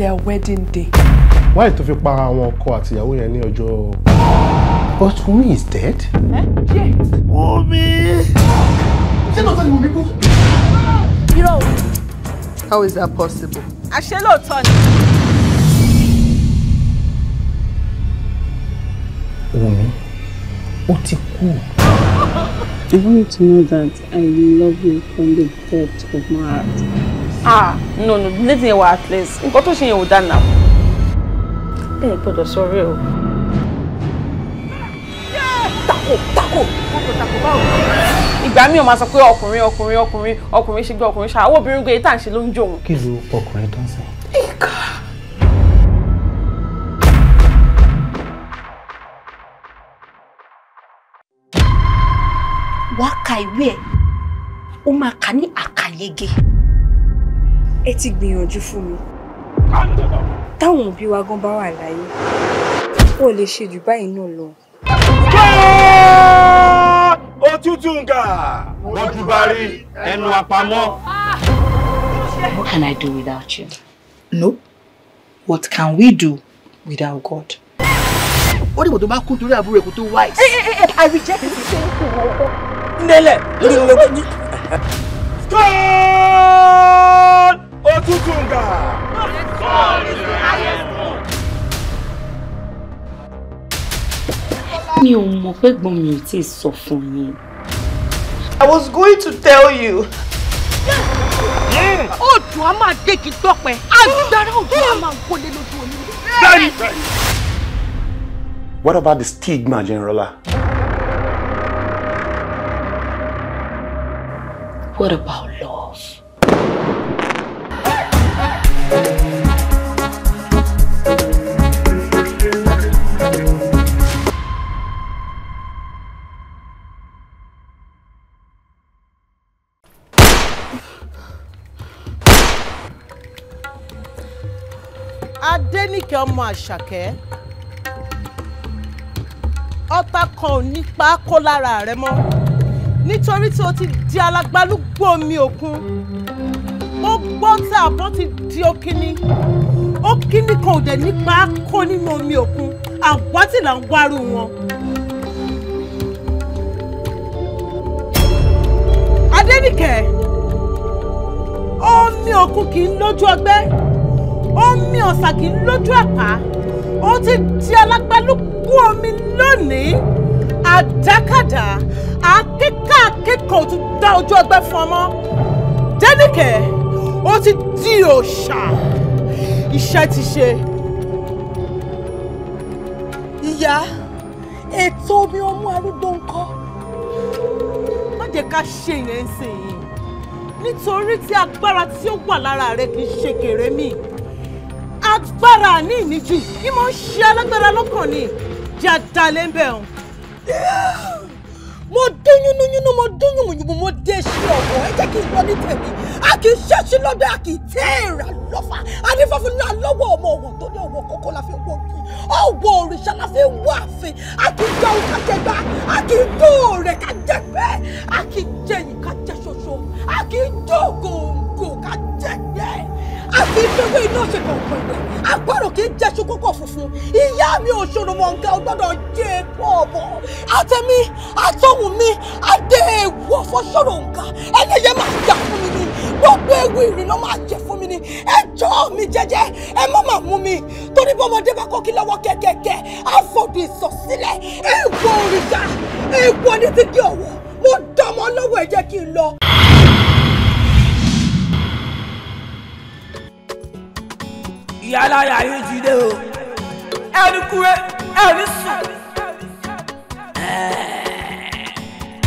their wedding day. why tó you pa àwọn ọkọ àtìyàwó yẹn ní ọjọ́. but Wunmi is dead. Eh? Yeah. Wunmi. ṣé lóòótọ́ ni Wunmi kú. irọ́ how is that possible. àṣé lóòótọ́ ni. Wunmi ó ti kú. I want you to know that I love you from the depth of my heart ah no no lady yẹn wà at least nǹkan tó ṣe yẹn ò dáa náà. ẹ gbọ́dọ̀ sọ̀rọ̀ o. tako tako tako tako báwo. ìgbà mi ò máa sọ pé ọkùnrin ọkùnrin ọkùnrin ọkùnrin ṣe gbé ọkùnrin ṣáà owó obìnrin gbé tá à ń ṣe ló ń jó òun. kí ló ọkùnrin tó ń sìn. ìkà. wàá ka ìwé ẹ̀ ó máa kà ní àkàyege ẹ ti gbìyànjú fún mi táwọn òbí wa gan bá wà láyé ó lè ṣe jù báyìí náà lọ. òtútù ń gà bá rí ẹnu àpamọ́. What can I do without you? No. What can we do without God? ó dìbò tó bá kú torí àbúrò èkó tó wáìs. Eh, eh, eh, I reject this thing. nílẹ̀ lórí lójú. Otutunga. Mi ò mọ̀ pé gbọ́n mi ò tí ì sọ fún I was going to tell you. Odò a máa dégi dọ́pẹ́, agbára odò a máa wọlé lójú omi. Bẹ́ẹ̀ni. What about the stigma, Generala? What about law? àṣàkẹ́ ọmọ àṣàkẹ́ ọ̀tá kan ò ní pa á kó lára rẹ mọ́ nítorí tí o ti di alágbálúgbó omi òkun ó gbọ́ tí àbọ̀ ti di okíní okíní kan ò dẹ̀ ní pa á kó nínú omi òkun àwátì là ń wárú wọn. Adénìkẹ́ omi òkun kì í lójú ọgbẹ́ omi ọ̀sà kì í lójú àpá ó ti di alágbálúgbú omi lónìí àdákàdá akéka akẹ́kọ̀ọ́ ti dá ojú ọgbẹ́ fún ọmọ jẹ́nìkẹ́ ó ti di òòṣà iṣẹ́ ti ṣe. ìyá ètò omi ọmú arúgbó ńkọ́. má jẹ́ ká ṣe yẹn ń sìn yìí nítorí tí agbára tí ó wà lára rẹ kì í ṣe kèrè míì alágbára àní ìníjú ni mo ṣe alágbára lọ́kàn ni jàdá lẹ́ńbẹ̀ ọ̀hún. mo dún yúnúyúnú mo dún yùmùyùmù mo dé ṣe ọ̀wọ́ ẹ jẹ́ kí n lọ ní tèmi a kì í ṣẹ́ṣí lọ́bẹ̀ a kì í tẹ́ẹ̀rà lọ́fà a ní fọ́fún náà lọ́wọ́ ọmọ ọ̀wọ́ tó ní ọ̀wọ́ kókó la fi wọ́ bí ọ̀wọ́ òrìṣà la fi wọ́ àfin a kì í jẹun ká jẹ gbá a kì í tó rẹ̀ ká jẹ pẹ́ a kì í jẹyìn ká jẹ ṣoṣo a kì í jó gòǹgò ká jẹ àfi ìfẹ́wé iná ṣe kọ̀ọ̀kan ìwẹ̀ àpárò kì í jẹ́ṣu kókò funfun ìyá mi ò ṣòro mọ̀ nǹkan gbọ́dọ̀ jẹ́ epo ọ̀bọ̀ àtẹ̀mí àtọ̀hún mi adé ewu ọ̀fọ̀ ṣòro nǹkan ẹlẹ́yẹ máa jà fún mi ni gbogbo ewu ìrìn ló máa jẹ fún mi ni ẹ jọ mi jẹ́jẹ́ ẹ má máa mú mi torí bọ́mọdé bá kọ́kí lọ́wọ́ kẹ̀kẹ̀kẹ̀ àfọ̀dù ìsọ̀sílẹ̀ ìwọ òrìṣà ìwọ ní ti di ọ̀wọ́ mo dọmọ lọ́wọ́ ẹ jẹ́ kí n lọ. ìyá aláya yìí ti dé o ẹni kúrẹ́ ẹni sùn.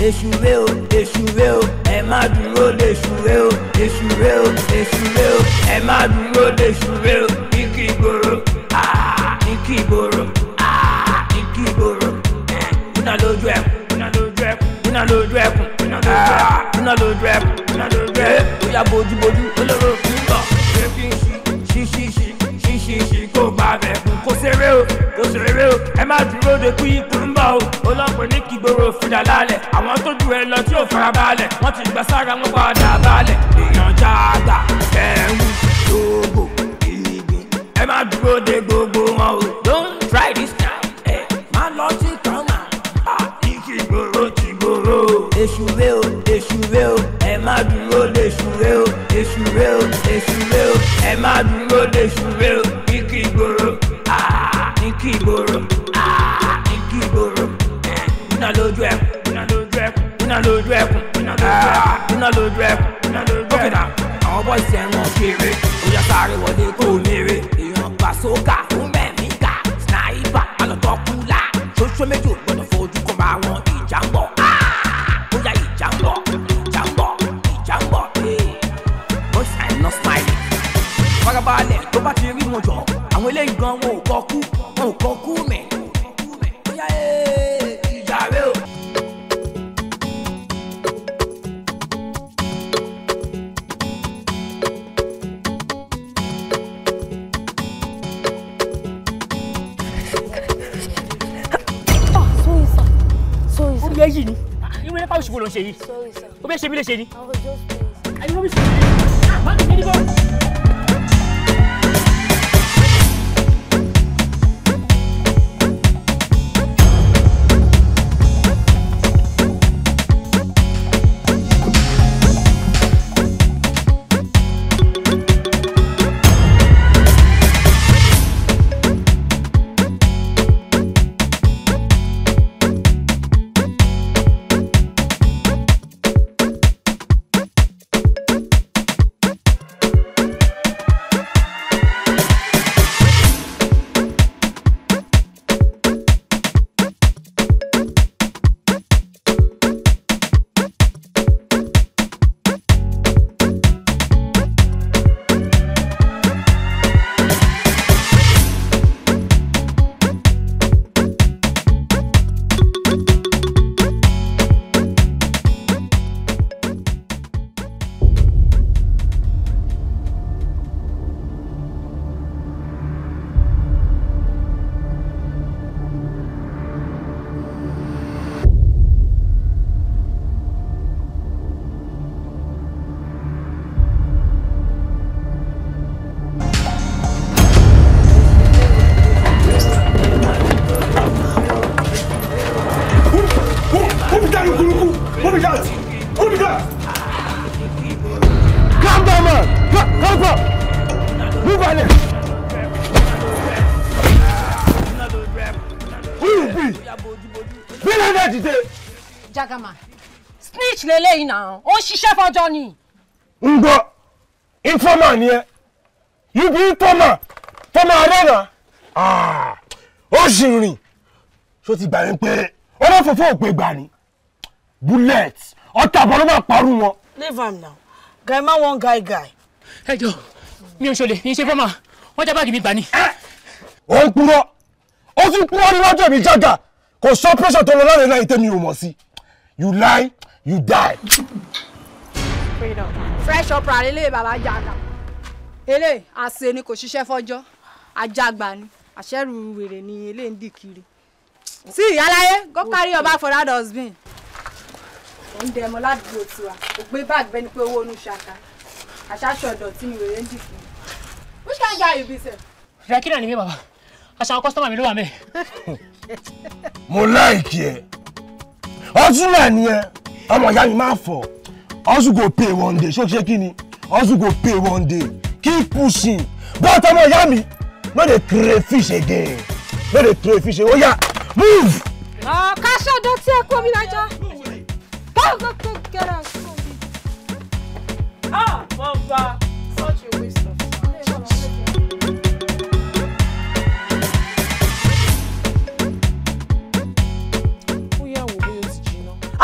èṣùwé o èṣùwé o ẹ má dúró léṣùwé o èṣùwé o èṣùwé o ẹ má dúró léṣùwé o ní kí ìgboro ní kí ìgboro ní kí ìgboro kúnà lójú ẹkùn kúnà lójú ẹkùn kúnà lójú ẹkùn kúnà lójú ẹkùn kúnà lójú ẹkùn kúnà lójú ẹkùn ó yá bójúbójú lóde kú ikú ń bọ̀ o ọlọ́pàá ní kí gbòòrò fìdá lálẹ̀ àwọn tó jù ẹ lọ tí ò fara balẹ̀ wọ́n ti gbà sára wọn padà balẹ̀. náà ó ń ṣiṣẹ́ fọjọ́ ni. ń gbọ́ informer ni ẹ you be informer tó máa rẹ́nà ah, ó sì rìn ṣó ti gbà yín pé ọlọ́fọ̀fọ́ ò pé gbà ní bullet ọ̀tá àbọ̀ ló máa parú wọn. leave am now guy man one guy guy. ẹ jọ mi ò ṣọlẹ mi ṣe fọmà wọn já báàgì mi gbà ni. ó ń purọ́ ó tún purọ́ níwájú mi jágà kò sọ pẹ́sọ̀ tó lọ lálẹ́ láì tẹ́mi ò mọ̀ sí you lie you die. freedom fresh up, opera lélẹ̀ bàbá jàgà eléyìí àṣẹ ni kò ṣiṣẹ́ fọ́jọ́ ajagba ni àṣẹrù wèrè ni eléyìí ń dì kiri sí ìyáláyé go carry your bag for that dustbin. ó ń dẹmọ ládùúgbò tiwa kò gbé báàgì bẹ́ni pé owó onú ṣaka àṣàṣọ ọ̀dọ̀ tí mi wèrè ń dì kiri which kind guy you be sef. rẹ kí náà ni mi bàbá aṣọ àwọn kọ́sítọ́mà mi ló wà mí. mo láìkí ẹ ọtún náà ni ẹ ọmọ ìyá mi máa fọ also go pay one day ṣó ṣe kí ni also go pay one day keep pushing but ọmọ ìyá mi no dey cray fish again no dey cray fish again oya move. ọ̀ka ṣọ́dọ̀ tí ẹ kó mi lájọ́ báwo ló tó gẹ̀rẹ́ ọ̀ṣun mi. ọmọ ọba.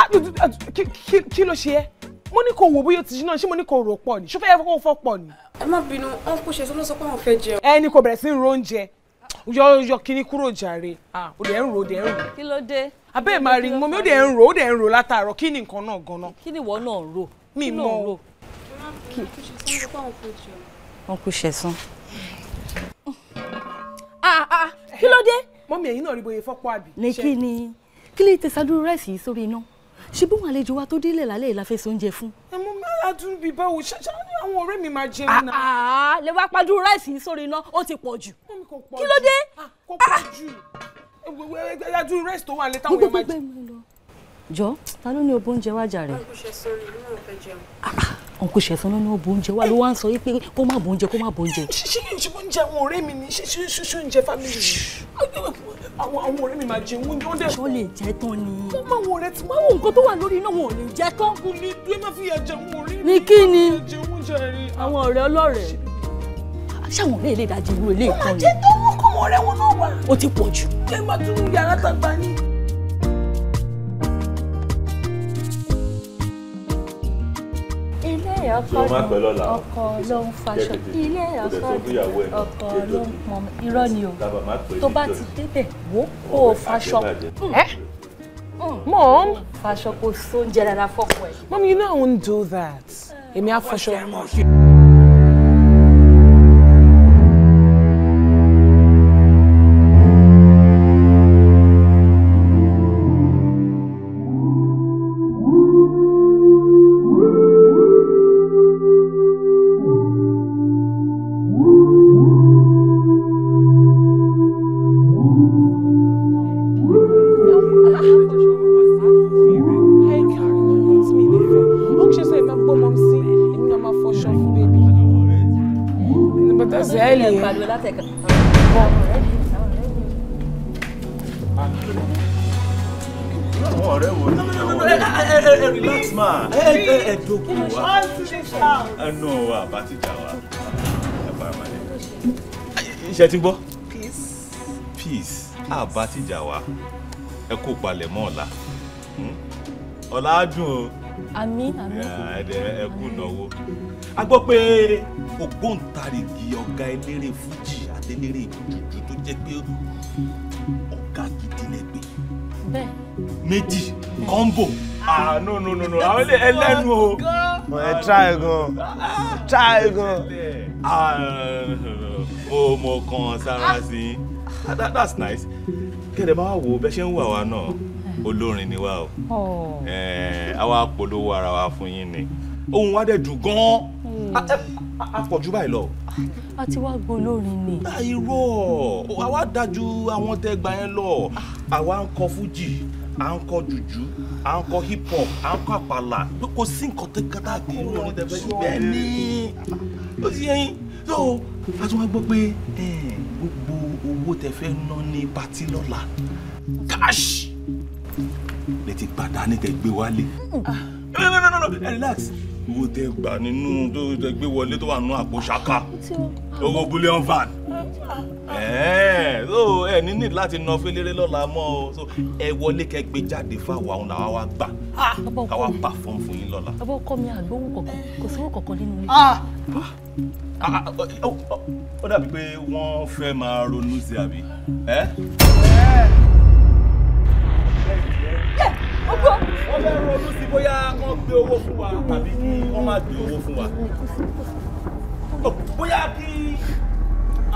kí ló ṣe ẹ́ mo ní kò wò bóyá ti jiná ṣé mo ní kò rò pọ̀ ni ṣó fẹ́ kó fọ́ pọ̀ ni. ẹ má bínú wọn kò ṣe sọlọsọ pé àwọn fẹ́ jẹun. ẹ ní kò bẹ̀rẹ̀ sí ń ro oúnjẹ yọ yọ kíní kúrò jàre ó dẹ̀ ń ro ó dẹ̀ ń ro. kí ló dé. abẹ́ máa rí mo ó dẹ̀ ń ro ó dẹ̀ ń ro látàárọ̀ kí ni nǹkan náà gan-an. kí ni ìwọ náà ń mi mọ o. wọn kò ṣe sán. Ah, ah, ah, kí ló dé. mọ́mí ẹ̀yin náà rí bóyá fọ́pọ̀ àbí. ní kí ni kí lè tẹ̀sádúró rẹ̀ sí sórí iná ṣe bí wọn àlejò wa tó délé lálẹ́ ìlà fẹsẹ̀ oúnjẹ fún. ẹ mú adùn bíi báwo ṣáṣá ni àwọn ọ̀rẹ́ mi máa jẹun náà. lè wá pàdú ráìsì sórí iná ó ti pọ̀ jù. kí ló dé. kò pọ̀ jù adùn ráìsì tó wà lẹ́tàwọn yẹn máa jẹun jọ ta ló ní o bó oúnjẹ wá jàre. ọkùnrin ṣẹ̀sán ló ní o bó oúnjẹ wá ló wá ń sọ wípé kó má bó oúnjẹ kó má bó oúnjẹ. ṣé ṣé oúnjẹ àwọn ọ̀rẹ́ mi ni ṣé ṣé ṣé oúnjẹ fámìlì àwọn àwọn ọ̀rẹ́ mi máa jẹ oúnjẹ ó dẹ̀. ṣó lè jẹ tán ni. wọ́n máa wọ ọ̀rẹ́ tí wọ́n wọ nǹkan tó wà lórí iná wọn ò lè jẹ tán. kò lè dúró má fi àjẹ àwọn ọ̀rẹ́ mi. àwọn ọ̀rẹ́ ọlọ́rẹ̀ẹ́. ṣáwọn ọ̀rẹ́ ilé ìdajì irú ilé ìkọ́ni. tó wọ́n kọ́ ọ̀rẹ́ wọn náà wà. ó ti pọ̀ jù. ẹ má tún yàrá tàgbà ni. ọkọ ọkọ ló ń faṣọ ilé ọkọ ọkọ ló ń pọn irọ́ ni o tó bá ti débẹ̀ wò kó o faṣọ. mom hmm. hmm. faṣọ kò sóúnjẹ rárá fọkọ ẹ. mom you know i won't do that eh, èmi á faṣọ. ti gbọ́. peace. peace àbá tìjà wá ẹ kó palẹ̀ mọ́ ọ̀la hmm? ọ̀la á dùn o. àmín àmín. ẹ kú ìnáwó. a gbọ́ pé ògbóǹtarìgì ọ̀gá eléré fújì àtẹléré ìdúdú tó jẹ́ pé ọ̀gá gidi lẹ́gbẹ̀ẹ́ méjì kọ́ńbò ah no no no no I ilé ẹlẹ́nu o. mo ẹ try gan try gan. Ah, o mo kan sára sí i ah, that's nice kẹ́lẹ́ bá wà wò bẹ́ ṣe ń wà wá náà olórin ni wá o àwa oh. eh, polówó ara wa fún yín ni ohun wa dẹ̀ dùn gan-an ah, àpọ̀jù báyìí lọ. a ti wá gbọ́ olórin ni. irọ́ àwa dájú àwọn tẹ́gbà yẹn lọ àwa ń kọ fújì à ń kọ jùjú à ń kọ hip hop à ń kọ àpàlà pé kò sí nǹkan tó kátà kí irú orin tẹ̀fẹ́ síbẹ̀ ní ó sì yẹn so a tún wá gbọ́ pé gbogbo owó tẹ̀fẹ́ ná ní patí lọ́la cash lè ti gbàdá ní tẹ̀ gbé wálé no no no no relax owó tẹ̀ gbà nínú tó tẹ̀ gbé wọlé tó wà nínú àpò ṣáká owó bullion van ẹ ẹ ní ní láti na féléré lọ́la mọ́ o ẹ wọlé kẹ gbé jáde fáwọn àwọn làwọn wa gbà káwa pa fún fún yín lọ́la. ọba ọkọ mi àgbóhùn kọ̀ọ̀kan kò sówó kọ̀ọ̀kan nínú ilé. Ah. Ah, ah, oh, oh, ó dàbí pé wọ́n fẹ́ máa ronú sí àbí. ọgbọ́n. wọ́n fẹ́ ronú sí bóyá wọ́n gbé owó fún wa tàbí wọ́n máa gbé owó fún wa. Oh, bóyá kí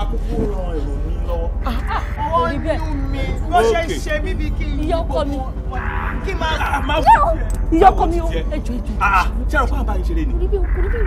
akókó ran èrò mi lọ́wọ́. ọwọ́ inú mi ló ṣe ń ṣe mí bí kí n yí ọkọ mi kí n máa. ìyá ọkọ mi o ẹjọ ẹjọ. Ah, ṣé àwọn fún àbáyé ṣeré ni. kò ní bí o kò ní bí o.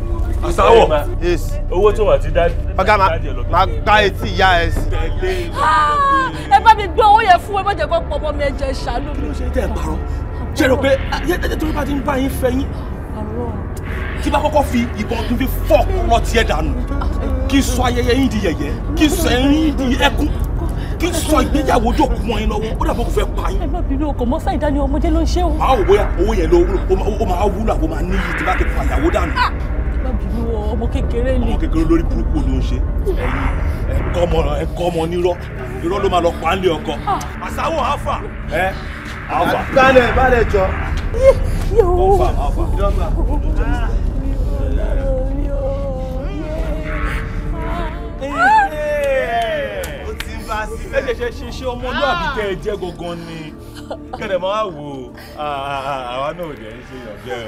Yes. owó tó wà ti dá ọ̀gá máa gbá etí ìyá ẹ sí. Ah, ẹ bá mi gbé owó yẹn fún ẹ má jẹ́ kó pọ̀ mi ẹ jẹ́ ṣàánú mi. ṣé tẹ́ ẹ parọ́ ah, ṣe rò pé ah, ayédèdè tó bá ti ń bá yín fẹ́ yín kí bá kọ́kọ́ fi ìbọn tó fi fọ́ ọ̀rọ̀ tiẹ̀ dànù kí sọ ayẹyẹ yín di yẹ̀yẹ́ kí sọ ẹ̀yìn di ẹkún kí sọ ìgbéyàwó jòkó mọ́ yín lọ́wọ́ ó dàbọ̀ kò fẹ́ pa yín. ẹ má bínú ọkọ̀ mọ́ sáì dání ọmọdé ló ń ṣe o. máa wò bóyá owó yẹn ló máa wúlò àbó máa níyì tí bá ti pa ìyàwó dànù má bínú ọmọ kékeré lè. ọmọ kékeré lórí burúkú ló ń ṣe ẹyin ẹkọ ọmọ ẹkọ ọmọ nírọ́ irọ́ ló máa lọ pa á lé ọkọ ah. àsáwọ àfà ẹ àfà. balẹ̀ balẹ̀ jọ. ọfà àfà ìdọ́gba. ẹ ṣẹ̀ṣẹ̀ ṣe iṣẹ́ ọmọlúwàbí tẹ́ ẹ jẹ́ gangan ni kẹ̀dẹ̀ máa wò ó àwa náà ò dẹ̀ ń ṣe ìyànjẹ́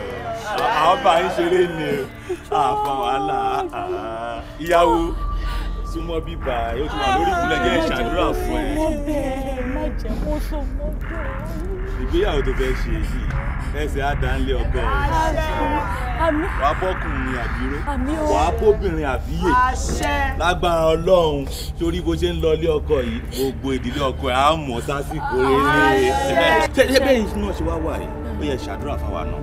o àwọn bá ń ṣeré ni o àfa wàhálà ìyàwó súnmọ́ bíbá yóò tún wà lórí ìkúlẹ̀ jẹ́ ìṣàdúrà fún ẹ. má jẹ́ kó so mọ́tò ìgbéyàwó tó fẹ́ ṣe yìí ẹsẹ̀ àdánlé ọkọ rẹ̀ wà á bọ́kùnrin àbíró wà á bóbìnrin àbíyè lágbára ọlọ́run torí bó ṣe ń lọ ilé ọkọ yìí gbogbo ìdílé ọkọ ẹ̀ á mọ̀ sásìkò rere. tẹ́lẹ̀ bẹ́ẹ̀ náà ṣe wá wà yìí ó yẹ ṣàdúrà fáwa náà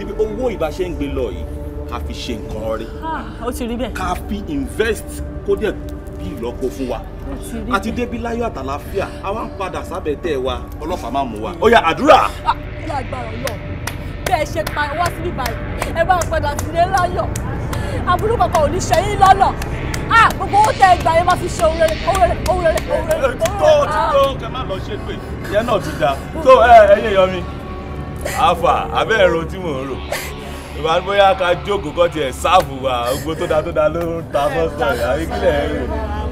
ibi owó ìbáṣe ń gbé lọ yìí ká fi ṣe nǹkan ah, rí ká fi invest kó dẹ̀ bí ìlọ́po fún wa a ti débi láyọ̀ àtàlàáfíà a wá ń padà sábẹ́ tẹ́ ẹ wa ọlọ́pàá máa mú wa ó yá àdúrà. Ah, ní agbára Ọlọ́run bẹ́ẹ̀ ṣe pa wá sí bíbá yìí ẹ bá padà sílé láyọ̀ àbúrò kankan ò ní ṣe yín lọ́nà ah, gbogbo owó tẹ ẹ gbà yẹn máa fi ṣe òun rere òun rere òun rere òun rere. Eh, tó ah. tó kẹ má lọ ṣe pé ìyẹn náà ti dáa tó ẹyẹ yọmi àfà abẹ́ ẹ̀rọ tí mò ń rò ìbára bóyá ká jókòó kọ́ tiẹ̀ sáàfù wa gbogbo tó dáa tó dáa ló ń ta fọ́sọ̀ yà á kí lẹ̀ ń rò.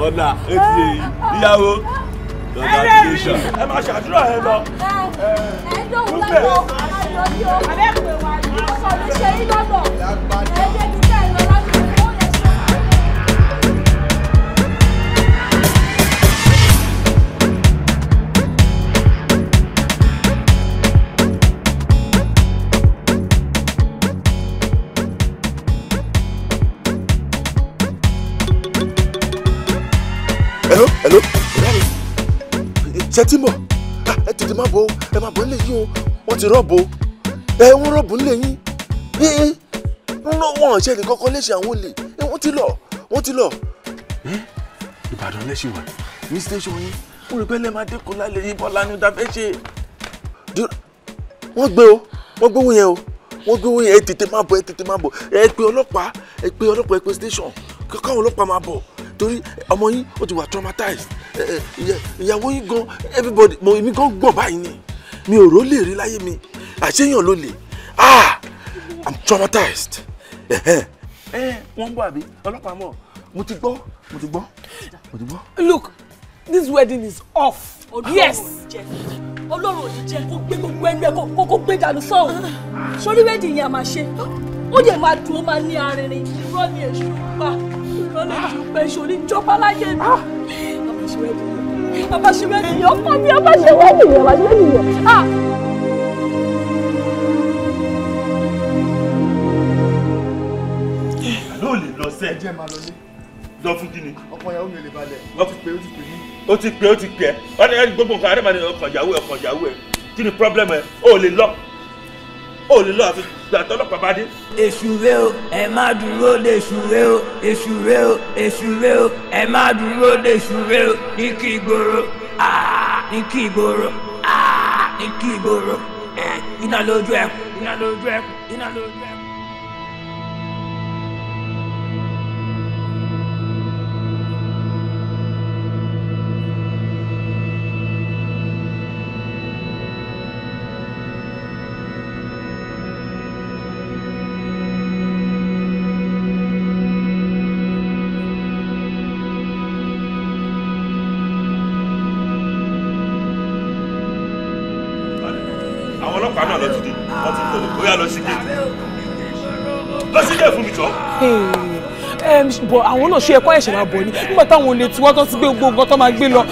ọ̀nà etí ìyàwó congratulation. ẹ máa ṣàdúrà ẹ lọ. ẹ ẹ dóhùn lọ́wọ́ àjọyọ̀ abẹ́pẹ̀ wà ní ọ̀sán ló ṣe é lọ́dọ̀. hello ṣe tí mọ̀ ah, ẹ tètè má bọ̀ ẹ má bọ̀ nílé yín o wọ́n ti rọ́ọ̀bù ẹ wọ́n rọ́ọ̀bù nílé yín ee wọ́n ṣe lè kọ́kọ́ léṣe àwọn olè wọ́n ti lọ wọ́n ti lọ. Ìbàdàn lẹ́sìn wà ní station yín ó rí pẹ́lẹ́ máa dẹ́kun lálẹ́ yìí bọ́lá ni ó ta fẹ́ ṣe. wọ́n gbé o wọ́n gbé owó yẹn o wọ́n gbé owó yẹn ẹ tètè má bọ̀ ẹ tètè má bọ̀ ẹ pe ọlọ́pàá ẹ pe ọlọ́pàá ẹ pe station káwọn torí ọmọ yín ó ti wà traumatized ìyàwó yín gan everybody mo èmi gan gbọ̀n báyìí ni mi ò rólè rí láyé mi àṣeyàn ló lè ah i'm traumatized. ẹ ẹ wọn ń bọ àbí ọlọ́pàá mọ mo ti gbọ́ mo ti gbọ́ mo ti gbọ́. look this wedding is off. Oh, yes. ọlọ́run ò ní jẹ́ kó gbé gbogbo ẹgbẹ́ kó kó gbé dànù sọ́hùn sórí wedding yẹn a máa ṣe ó dẹ̀ máa dùn ó máa ní arìnrìn irọ́ ni èṣù pa kan lè ju pẹ̀ṣù oníjọba láyé mi. Abáṣewé ènìyàn ọkọ mi abáṣewé ènìyàn abáṣewé ènìyàn. Ló lè lọ sẹ́. Ẹ jẹ́ máa lọ lé. Lọ fún kíni? Ọkọ ìyàwó mi ò lè balẹ̀. Wọ́n ti pè é, ó ti pè mí. Ó ti pè é, ó ti pè é. Wọ́n ní gbogbo nǹkan àdébàdàn ọkọ̀ ìyàwó ẹ̀ ọkọ̀ ìyàwó ẹ̀. Kí ni pírọ́blẹ́mù ẹ̀? O ò lè lọ ó lè lọ àfi gbà tọ́lọ́pàá bá dé. èṣù rẹ o ẹ má dúró de èṣù rẹ o èṣù rẹ o èṣù rẹ o ẹ má dúró de èṣù rẹ o ní kí ìgboro ah, ní kí ìgboro ah, ní kí ìgboro eh, iná lójú ẹkùn iná lójú ẹkùn iná lójú ẹkùn. Um, bọ̀ àwọn náà ṣe ẹ̀kọ́ ẹ̀ṣẹ̀ máa bọ̀ ni nígbà táwọn olè tí wọ́n tán ti gbé gbogbo nǹkan tó máa gbé lọ.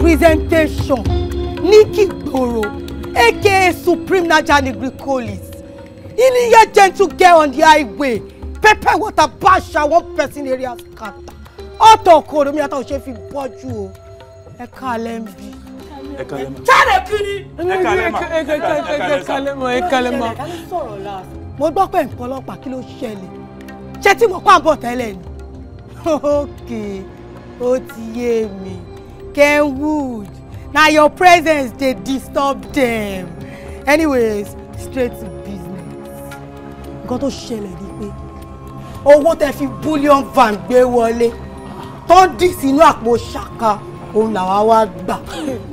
presentation ní kìgboro aka supreme naija negri college Iliya gentle girl on the highway. Pepper water basha one person area scatter. Ọ̀tọ̀ kò lómi látà òṣè fi bọ́jú o. Ẹ kalẹ̀ ń bí. Ẹ kalẹ̀ mọ́. Jáde kiri. Ẹ kalẹ̀ mọ́. Ẹ kalẹ̀ mọ́. Ẹ kalẹ̀ mọ́. Mo gbọ́ pé nǹkan ọlọ́pàá kí ló ṣẹlẹ̀. Ṣé tí mo kọ́ àbọ̀ tẹ́lẹ̀ ni? Okay, ó ti yé mi. Kenwood, na your presence dey disturb them. Anyways, straight to nǹkan tó ṣẹlẹ̀ ni pé owó tẹ fi bullion van gbé wọlé tó ń dì sínú àpò ṣàkà òun làwa wá gbà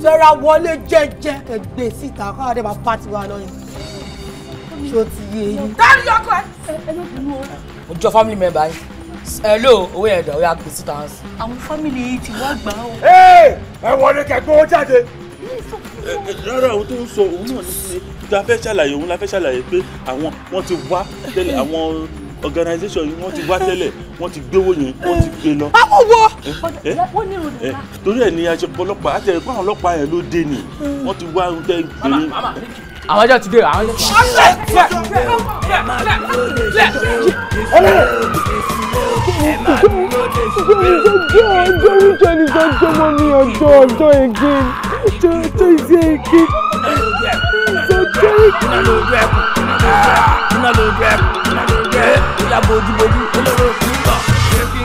tẹ́ra wọlé jẹ́jẹ́ ẹgbẹ́ síta káwọn adé máa wa lọ́yìn ṣó ti yé yín. dárí ọkọ ẹ ọjọ́ family member yìí hello owó yẹn dọ̀ yà pèsè tàwọn sí. àwọn family yìí ti wá gbà ó. ẹ wọlé kẹgbẹ́ ó jáde rárá ohun tó ń sọ òun náà ní ta fẹ́ ṣàlàyé òun la fẹ́ ṣàlàyé pé àwọn wọ́n ti wá tẹ́lẹ̀ àwọn organisation yìí wọ́n ti wá tẹ́lẹ̀ wọ́n ti gbé owó wọ́n ti gbé lọ. àwọn wo. wọ́n ní ìròyìn náà. torí ẹ̀ ní aṣọ ọlọ́pàá àti ẹ̀kọ́ àwọn ọlọ́pàá yẹn ló dé ni wọ́n ti wá ohun tẹ́ ìgbéni àwọn ọjọ́ ti dé àwọn ọjọ́ ti dé. ọjọ́ ìjọ ni ọjọ́ ọjọ́ ìgbín ẹjọ ẹjọ ìṣe èké ìṣọjọ èké. iná ló dún ẹkùn iná ló dún ẹkùn iná ló dún ẹkùn ìyá bojúbojú olóró nígbà ṣébi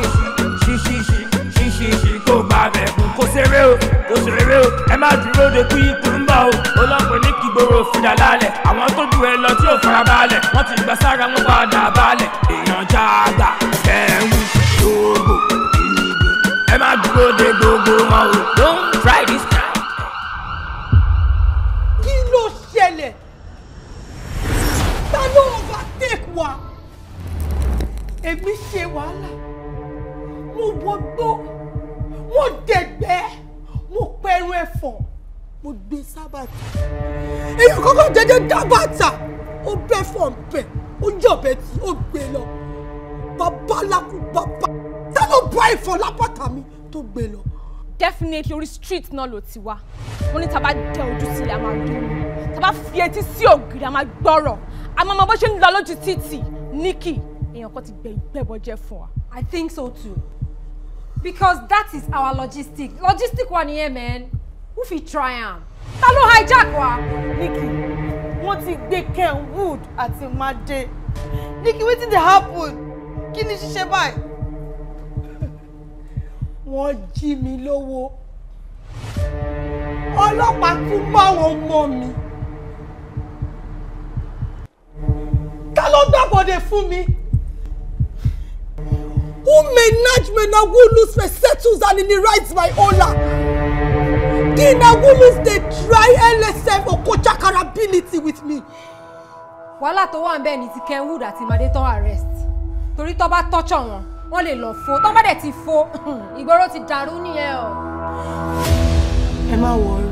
ṣíṣíṣí ṣíṣíṣí kó máa bẹ̀ kú kó ṣeré o kó ṣeré o ẹ má dúró de kú ikú ń bọ̀ o ọlọ́pàá ní kí gbòòrò fìdá lálẹ̀ àwọn tó ju ẹ lọ tí ò fara balẹ̀ wọ́n ti gbà sára wọn padà balẹ̀ èèyàn já àgbà ẹ̀ ń wù lóògùn ìyìnbó ẹ má dúró de gbogbo wọn o. èmi ṣe wàhálà mo wọgbó mo dẹgbẹ́ mo pẹrun ẹ̀fọ́ mo gbé sábàtà èyí kọ́kọ́ jẹjẹ dábàtà ó bẹ́ fọ̀npẹ́ ó yọ̀bẹ tí ó gbé lọ babaláku bàbá tá ló bá ẹ̀fọ́ lápàtà mi tó gbé lọ. definitely orí street náà ló ti wá wọn ní tàbá dẹ ojú sílẹ̀ a máa rí tàbá fi etí sí ògiri a máa gbọ́rọ̀ àmọ́ ọmọ bó ṣe ń lọ lójú títì níkì èèyàn kan ti gbẹ ìgbẹ́bọ jẹ́ fún wa. I think so too because that is our logistic logistic wa nìyẹn man who fit try am ta ló hijack wa. Nikki wọ́n ti gbé Ken Wood àti Made Nikki wetin dey happen kí ni ṣíṣe báyìí. wọ́n jí mi lówó ọlọ́pàá tún bá wọn mọ́ mi. ta ló gbàgbọ́dẹ fún mi. Who menage Menagulus settles and in rights by Ola. The Nagulus they try LSF or Kochakar ability with me. Wàhálà tó wà ń bẹ́ẹ̀ ni ti Kenwood àti Madeton arrest. Torí tó bá tọ́jọ́ wọn, wọ́n lè lọ fo. Tó bá dẹ̀ ti fo, ìgboro ti dàrú nìyẹn o. Ẹ má wọrí,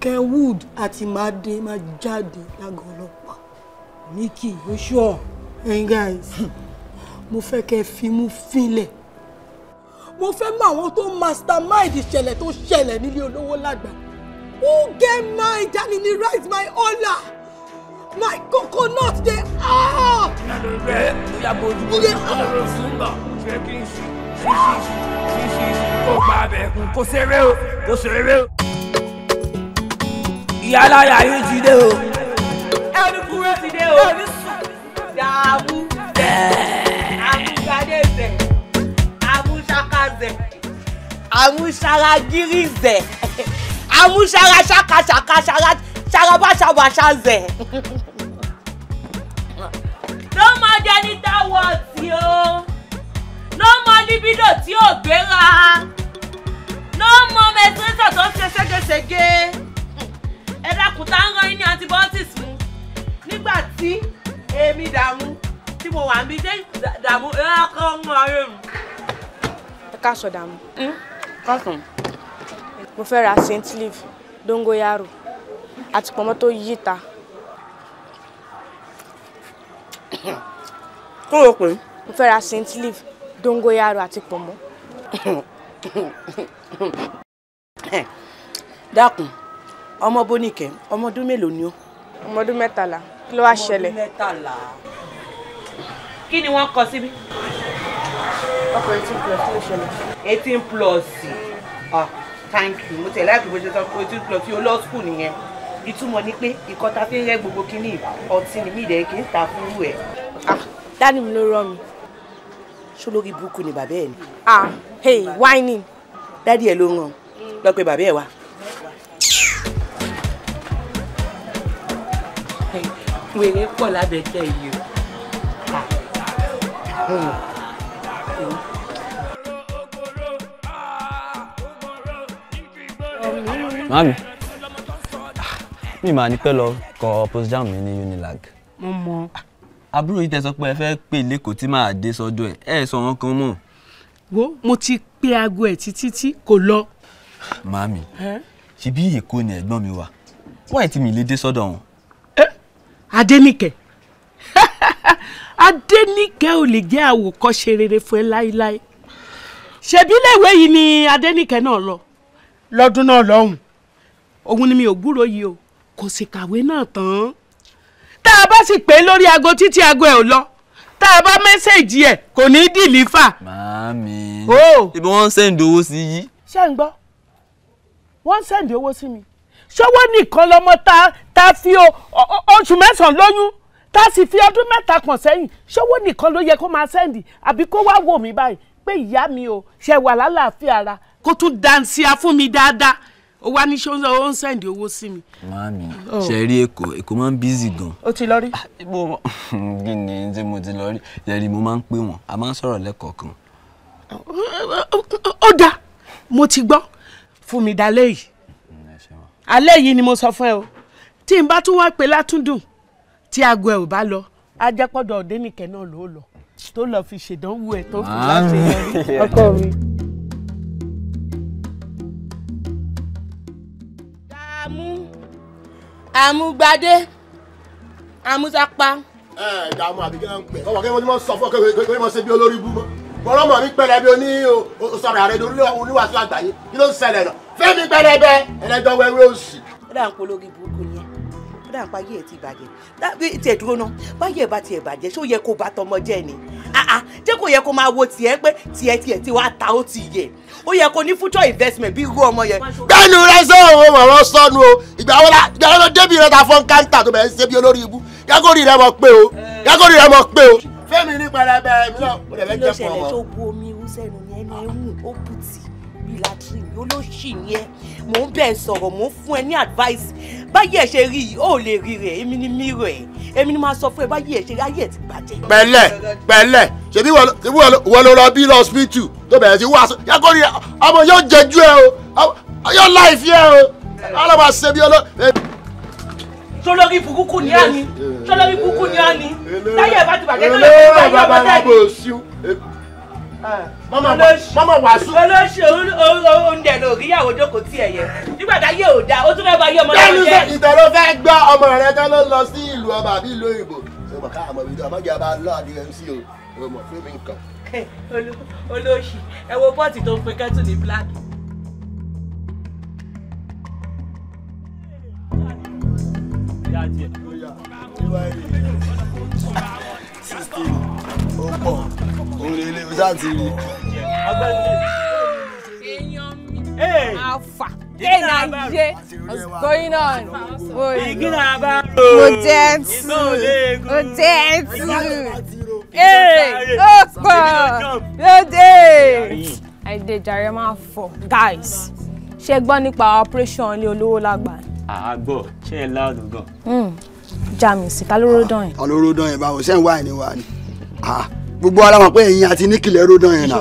Kenwood àti Made máa jáde you sure? Hey guys. mo fẹ́ kẹ́ fimú fínlẹ̀ mo fẹ́ mọ àwọn tó mastermind ìṣẹ̀lẹ̀ tó ṣẹlẹ̀ nílé olówó lágbà who gave my jani ni right my honour my coconut dey ah. ìyá aláya yóò ti dé o. ẹni kúrò ti dé o. ẹni sùn dààmú. bẹ́ẹ̀ adézẹ̀ amúṣakazẹ̀ amúṣaragírízẹ̀ amúṣaraṣakaṣakaṣara ṣarabáṣabàṣazẹ̀. ló mọ jẹnita wọ̀ọ̀tì o ló mọ libido tí ò gbéra ló mọ mẹsẹsẹ tó ṣe ségesège ẹ dákun tá ń ran yín antibiotics mu nígbà tí èmi dààmú tí mo wà ń bí dé dààmú ẹ kọ́ ń ayé mi. ẹ káàsọ̀ dààmú. Hmm? káàsùn. mo fẹ́ ra saint leaf dongoyaro àti pọ̀nmọ́ tó yí ta. kó o pè é. mo fẹ́ ra saint leaf dongoyaro àti pọ̀nmọ́. dákun ọmọ bonikẹ ọmọ ọdún mélòó ni ó. ọmọ ọdún mẹ́tàlá kí ló wá ṣẹlẹ̀. ọmọ ọdún mẹ́tàlá kí ni wọ́n kọ síbí. ọkọ̀ eighteen plus ló ṣẹlẹ̀. eighteen plus ah, thank you mo tẹ̀lé àgbègbè ṣe sọ pé eighteen plus yóò lọ school nìyẹn ìtumọ̀ ni pé ìkọ́ ta fi ń rẹ́ gbogbo kínní ọtí ni mí ìdẹ́ kí n ta fúrú ẹ̀. Ah. dádì mi ló rán mi. ṣó lórí burúkú ni bàbá ẹ ni. ah hey whining. dádì ẹ ló rán lọ pé bàbá ẹ wá. wèrè pọ̀ lábẹ́ tẹ yìí o. Mami, mi máa ní pẹ́ lọ kọ postjam mi ní Unilag. Mo mọ. Àbúrò yìí tẹ̀sán pé ẹ fẹ́ pè lẹ́kọ̀ọ́ tí màá dé sọ́dọ̀ ẹ̀. Ẹ sọ wọn kan mọ̀. Wo mo ti pe aago ẹ̀ títí tí kò lọ. Mami, ṣebí Èkó ni ẹ̀gbọ́n mi wà. Wáyé tí mi lè dé sọ́dọ̀ wọn. Adénìkẹ́. Adénìkẹ́ ò lè jẹ́ àwòkọ́ṣe rere fún ẹ láéláé ṣebí léèwé yìí ni Adénìkẹ́ náà lọ lọ́dún náà lọ́hùn òun ni mi ò gbúrò yìí o kò sì kàwé náà tán tá a bá sì pè lórí aago títí aago ẹ ò lọ tá a bá mẹ́sẹ̀jì ẹ̀ kò ní í dìlífà. màámi ibi wọ́n ń sẹ́ǹdì owó sí yí. ṣé ń gbọ́ wọ́n ń sẹ́ǹdì owó sí mi ṣọwọ́ nìkan lọmọ tá a fi oṣù mẹ́sàn-án lóyún tá a sì fi ọdún mẹ́ta kan sẹ́yìn ṣówó nìkan ló yẹ kó máa sẹ́ndì àbí kó wá wò mí báyìí pé ìyá mi ò ṣe wà lálàáfíà ara kó tún dansia fún mi dáadáa ó wá ní ṣóńsọ ó ń sẹ́ǹdì owó sí mi. màámi oh. ṣe rí èkó èkó máa ń bízì gan. o ti lọ rí. Ah, mo kí ni ṣé mo ti lọ rí lẹ́rìí mo máa ń pè wọ́n a máa ń sọ̀rọ̀ lẹ́kọ̀ọ̀kan. ó dáa mo ti gbọ́ fún mi dalẹ́ yìí mm, alẹ́ yìí ni mo sọ fún ẹ o tí n bá tún wá pè látúndùn tí aago ẹ ò bá lọ ajẹ́pọ̀dọ̀ ọ̀dẹ́nìkẹ́ náà ló lọ tó lọ fi ṣèdánwò ẹ̀ tó fi ah. láti yọrí ọkọ dààmú àmúgbadé àmúsápá. ẹ dààmú àbíkẹ́ ń pẹ́ ọmọ akẹ́kọ̀ọ́ ni wọ́n sọ fún ọkọ̀ ìwé mọ̀ ṣe bí olórí bú mọ́ bọ́lá mọ̀ mí pẹlẹbẹ oní sọ̀rọ̀ àrẹ lórí oníwàásù àgbáyé kí ló ń ṣẹlẹ̀ náà fẹ́mi pẹlẹbẹ ẹlẹ́jọ́ wẹ́wẹ́ òsì. ó dà ń polówó dà ń pa ayé ẹ̀ ti bàjẹ́ tiẹ̀ dúró ná báyé ẹ̀ bá tiẹ̀ bàjẹ́ ṣó yẹ kó bá tọmọ jẹ́ ni ah, ah, jẹ́ kó yẹ kó máa wo tiẹ̀ pé tiẹ̀ tiẹ̀ ti wá ta ó ti yẹ ó yẹ kó ní future investment bí irú ọmọ yẹn. bẹ́ẹ̀ni rẹ sọ̀rọ̀ ọ̀rọ̀ sọnù o ìgbà wọn la ìgbà wọn débi rẹ ta fọ́n káńtà tó bẹ̀rẹ̀ ṣe bí olórí ibú yàgòrì rẹ mọ̀ pé o yàgòrì rẹ mọ̀ pé o. fẹ́mi ní pẹlẹbẹ mi náà mo lè fẹ́ jẹ́ fún ọmọ. ló ṣẹlẹ̀ tó bu omi irú sẹ́nu yẹn ní ẹ̀wù ó bùtì bí latrine olóṣì yẹn mò ń bẹ̀ sọ̀rọ̀ mò ń fún ẹ ní advice báyìí ẹ ṣe rí i ó lè rí rẹ èmi ni mí rẹ èmi ni máa sọ fún ẹ báyìí ẹ ṣe rí ayé ẹ ti bàjẹ́. pẹ̀lẹ́ pẹ̀lẹ́ ṣebí wọ́n lọ rọ bí lọ́sibítù tó bẹ̀rẹ̀ sí wàásù yàgò rí ọmọ yóò jẹjú ẹ o yóò láìfi ẹ o alábàá ṣe ọlọ. sọlọ́rí burúkú ni á sọlọ́rí burúkú ni á ní táyà bá ti bàjẹ́ tó lè fi bá yọ̀ mọ́mọ́ wàásù. olóṣù oúnjẹ ló rí ìyàwó jókòó tí ẹ̀ yẹ nígbà tá yé ò dáa ó tún fẹ́ bá yé ọmọ náà jẹ́. bẹ́ẹ̀ni ìtàn ló fẹ́ gbọ́ ọmọ rẹ tán ló lọ sí ìlú ọba àbí ìlú òyìnbó ṣùgbọ́n ká àmọ́ ìjọba àmọ́jà bá lọ àdìrẹ sí o ọmọ fún mi nǹkan. olóṣù ẹ wo pọ́ọ̀tì tó ń pe kẹ́tù ní black. ó pọ̀ òun o ṣáà ti rí. afa kéèyàn ayé going on oye mo jẹ tu mo jẹ tu ee lóde. àìdè jàre máa fọ guys ṣe gbọ́ nípa operation ilé olówó lágbàá. àgbọ̀ ṣe é láàdù gan. Hmm. jami sí ta ló ró dán yẹn. ta dán yẹn báwo ṣé ń wá ẹ̀ ní ni gbogbo ara wọn pé ẹ̀yin àti níkìlẹ̀ ró dán yẹn náà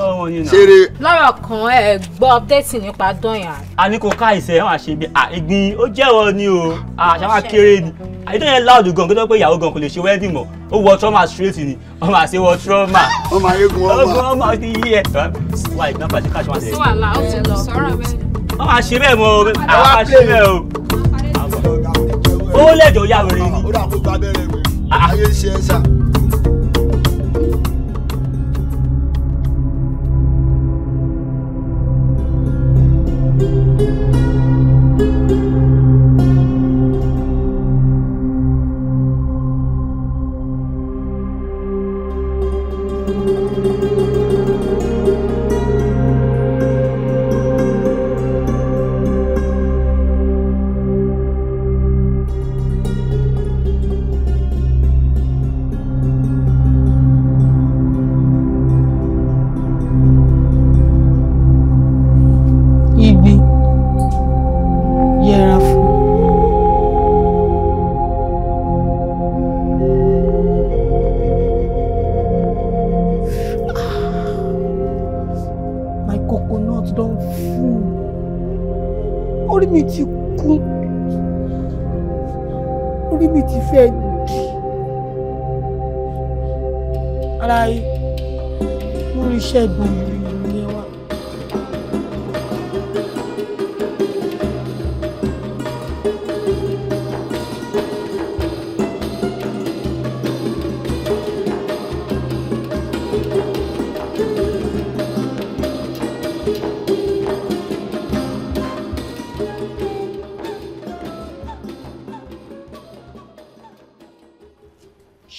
ṣeré. lọ́rọ̀ kan ẹ gbọ́ update nípa dán a ní kò ká ìṣe wọn àṣe bí ó jẹ́wọ́ ni o àṣà máa ni àyíká yẹn láòdù gan kí ló pé ìyàwó gan kò lè ṣe wedding mọ́ ó wọ trauma straight ni ọmọ àṣẹ wọ trauma. ọmọ ayégun ọmọ ọmọ ọmọ ti yí ẹ. wà ìgbà pàṣẹ káṣí wọn. sí ó máa ṣe bẹ́ẹ̀ mọ́ àwọn máa bẹ́ẹ̀ o. owó lẹ́jọ̀ yà wẹ̀rẹ̀ ni. ó dà kó gba abẹ́rẹ́ mi. ayé ṣe é sà. Música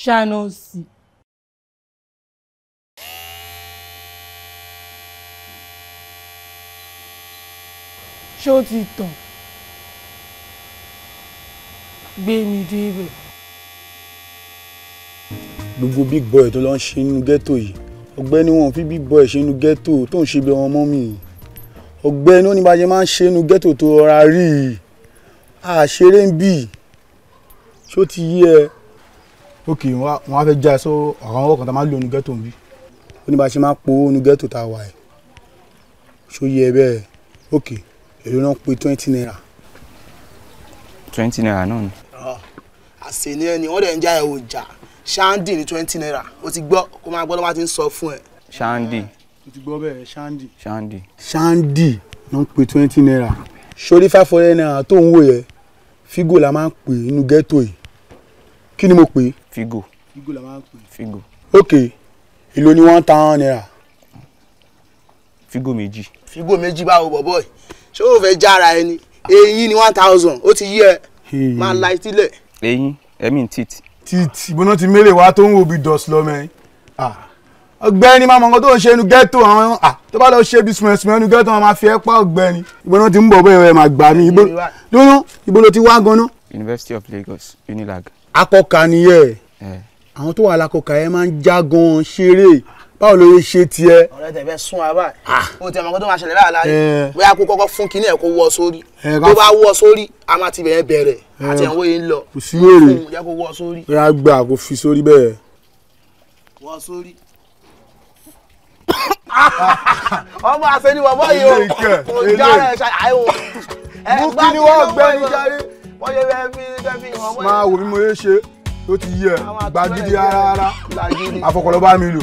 ṣàánọ́sì. ṣé ó ti tàn gbé mi dé ibẹ̀. gbogbo big boy tó lọ ń ṣe inú ghetto yìí ọ̀gbẹ́ni wọn fi big boy ṣe inú ghetto tó ń ṣe bí ọmọ mi ọ̀gbẹ́ni ó ní bá ṣe máa ń ṣe inú ghetto tó rọra rí i àṣeré ń bì ṣó ti yí ẹ ok wọn á fẹ́ já ẹ sọ àwọn ọkọ̀ tá a máa lò ní ghetto nbí ó ní bá a ṣe máa po ní ghetto tá a wà ẹ̀ ṣó yẹ ẹ bẹ́ẹ̀ ok èrè náà pe twenty naira. twenty naira náà ni. àṣèlè ẹni wọn dẹ̀ ń já ẹ ọjà ṣáńdì ní twenty naira o ti gbọ́ kó máa gbọ́ ló máa ti ń sọ fún ẹ. ṣáńdì. o ti gbọ́ bẹ́ẹ̀ ṣáńdì. ṣáńdì. ṣáńdì ló ń pe twenty naira sórí five hundred naira tó ń wò yẹ fígò la máa ń pè inú ghetto yìí kí ni mo pè é figo. figo la máa ń pè. figo. ok èló ni wọ́n ń ta wọ́n náírà. figo méjì. figo méjì báwo bọ̀ bọ́ọ̀ ṣé o fẹ́ jára ẹni eyín ni one thousand ó ti yí ẹ máa la ìtílẹ̀. eyín ẹ̀mí tit. tit ìbọn ti mélèé wá tó ń wo bí dọ̀sí lọ́mọ ẹ̀ ah. ọ̀gbẹ́ni máa mọ nǹkan tó ń ṣe inú ghetto àwọn ah, tó bá lọ ṣe bí sùnmọ̀ sùnmọ̀ inú ghetto wọn máa fi ẹ́ pa ọ̀gbẹ́ni. ìbọn náà ti ń bọ̀ bẹ́ẹ̀ máa gbà mí ìbọn lóyún ìbọn ló ti wá gan University of Lagos Unilag. akọkànìyẹ. Eh. àwọn tó wà lákòókò yẹn máa ń jágan ṣeré báwo ló ṣe tiẹ. ọ̀rẹ́ tẹ̀ fẹ́ sún wa báyìí ah. o tẹ̀ mọ̀ kó tó máa ṣẹlẹ̀ báyìí láàyè eh. bóyá kó kọ́kọ́ fún kinní ẹ̀ kó wọ́ sórí eh, tó bá wọ́ sórí a máa ti bẹ̀rẹ̀ bẹ̀rẹ̀ àti ẹ̀wọ́ yìí ń lọ kó fún jẹ́ kó wọ́ sórí. bóyá gbà kó fi sórí bẹ́ẹ̀. wọ́ sórí. ọmọ àṣẹni wọ̀ bọ́ yìí o kò jára ẹ̀ ṣáà àìwò ẹ̀ gbá kí ló wọ̀ yìí o wọ́n yẹ tó ti yẹ gbàgídí rárá àfọkọlọ bá mi lò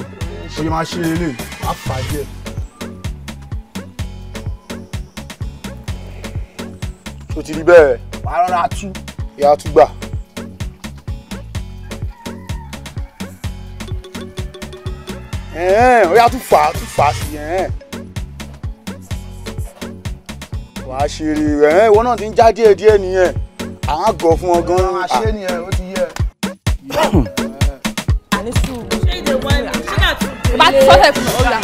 ó yẹ máa ṣe eléyìí àfàjẹ. tó ti rí bẹ́ẹ̀. wàá rọra tú. ìyá á tún gbà. ó yá tún fà á tún fà á sí wàá ṣe rè é ìwọ náà ti ń já díẹ̀ díẹ̀ nìyẹn àwọn àgọ fún ọ ganan. ó ti yẹ àní sùúrù. bá ti sọ́tẹ̀ kù ó là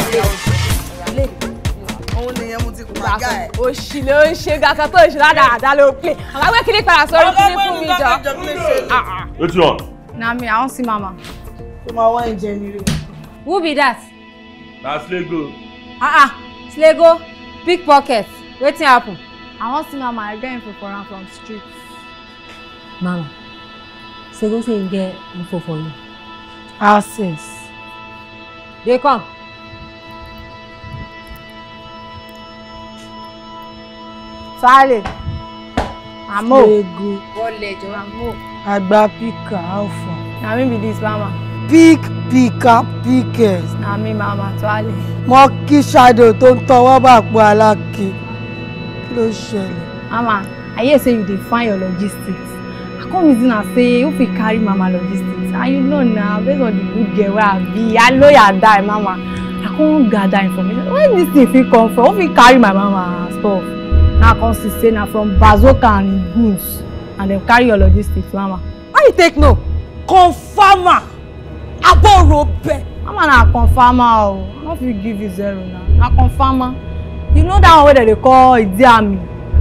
òun nìyẹn mo ti kú àga ẹ. òṣìlẹ̀ ó ń ṣe gàkà tó ìṣẹ̀lẹ̀ àdáadáa ló pè àwọn kiri padà sọ̀rọ̀ kiri fún mi jọ. etí wọn. na me i wan see mama. ó máa wá ìjẹ ni rẹ. who be that. na slego. ah ah slego pickpocket wetin happen. i wan see mama i get info for am from street. mama So go say him get info for you. Access. They come. Sale. Amo. Ego. Bọ́lẹ̀jọ. Amo. Agba pika alpha. Na me be this mama. Pick pika pickers. Na me mama Sale. Mo kí shadow don't ń tọwọ́ bà pọ̀ aláki. Mama, I hear say you define your logistics come reason am say who we carry mama logistics and you know na based on the good girl wey i be i lawyer die mama i come gather information where this thing fit come from Who we carry my mama stuff na i come see say na from bazooka and goods and dem carry your logistics mama. how you take know confama aboro bẹ. mama na confama o i no fit give you zero na na confama you know that one wey dem dey call idiami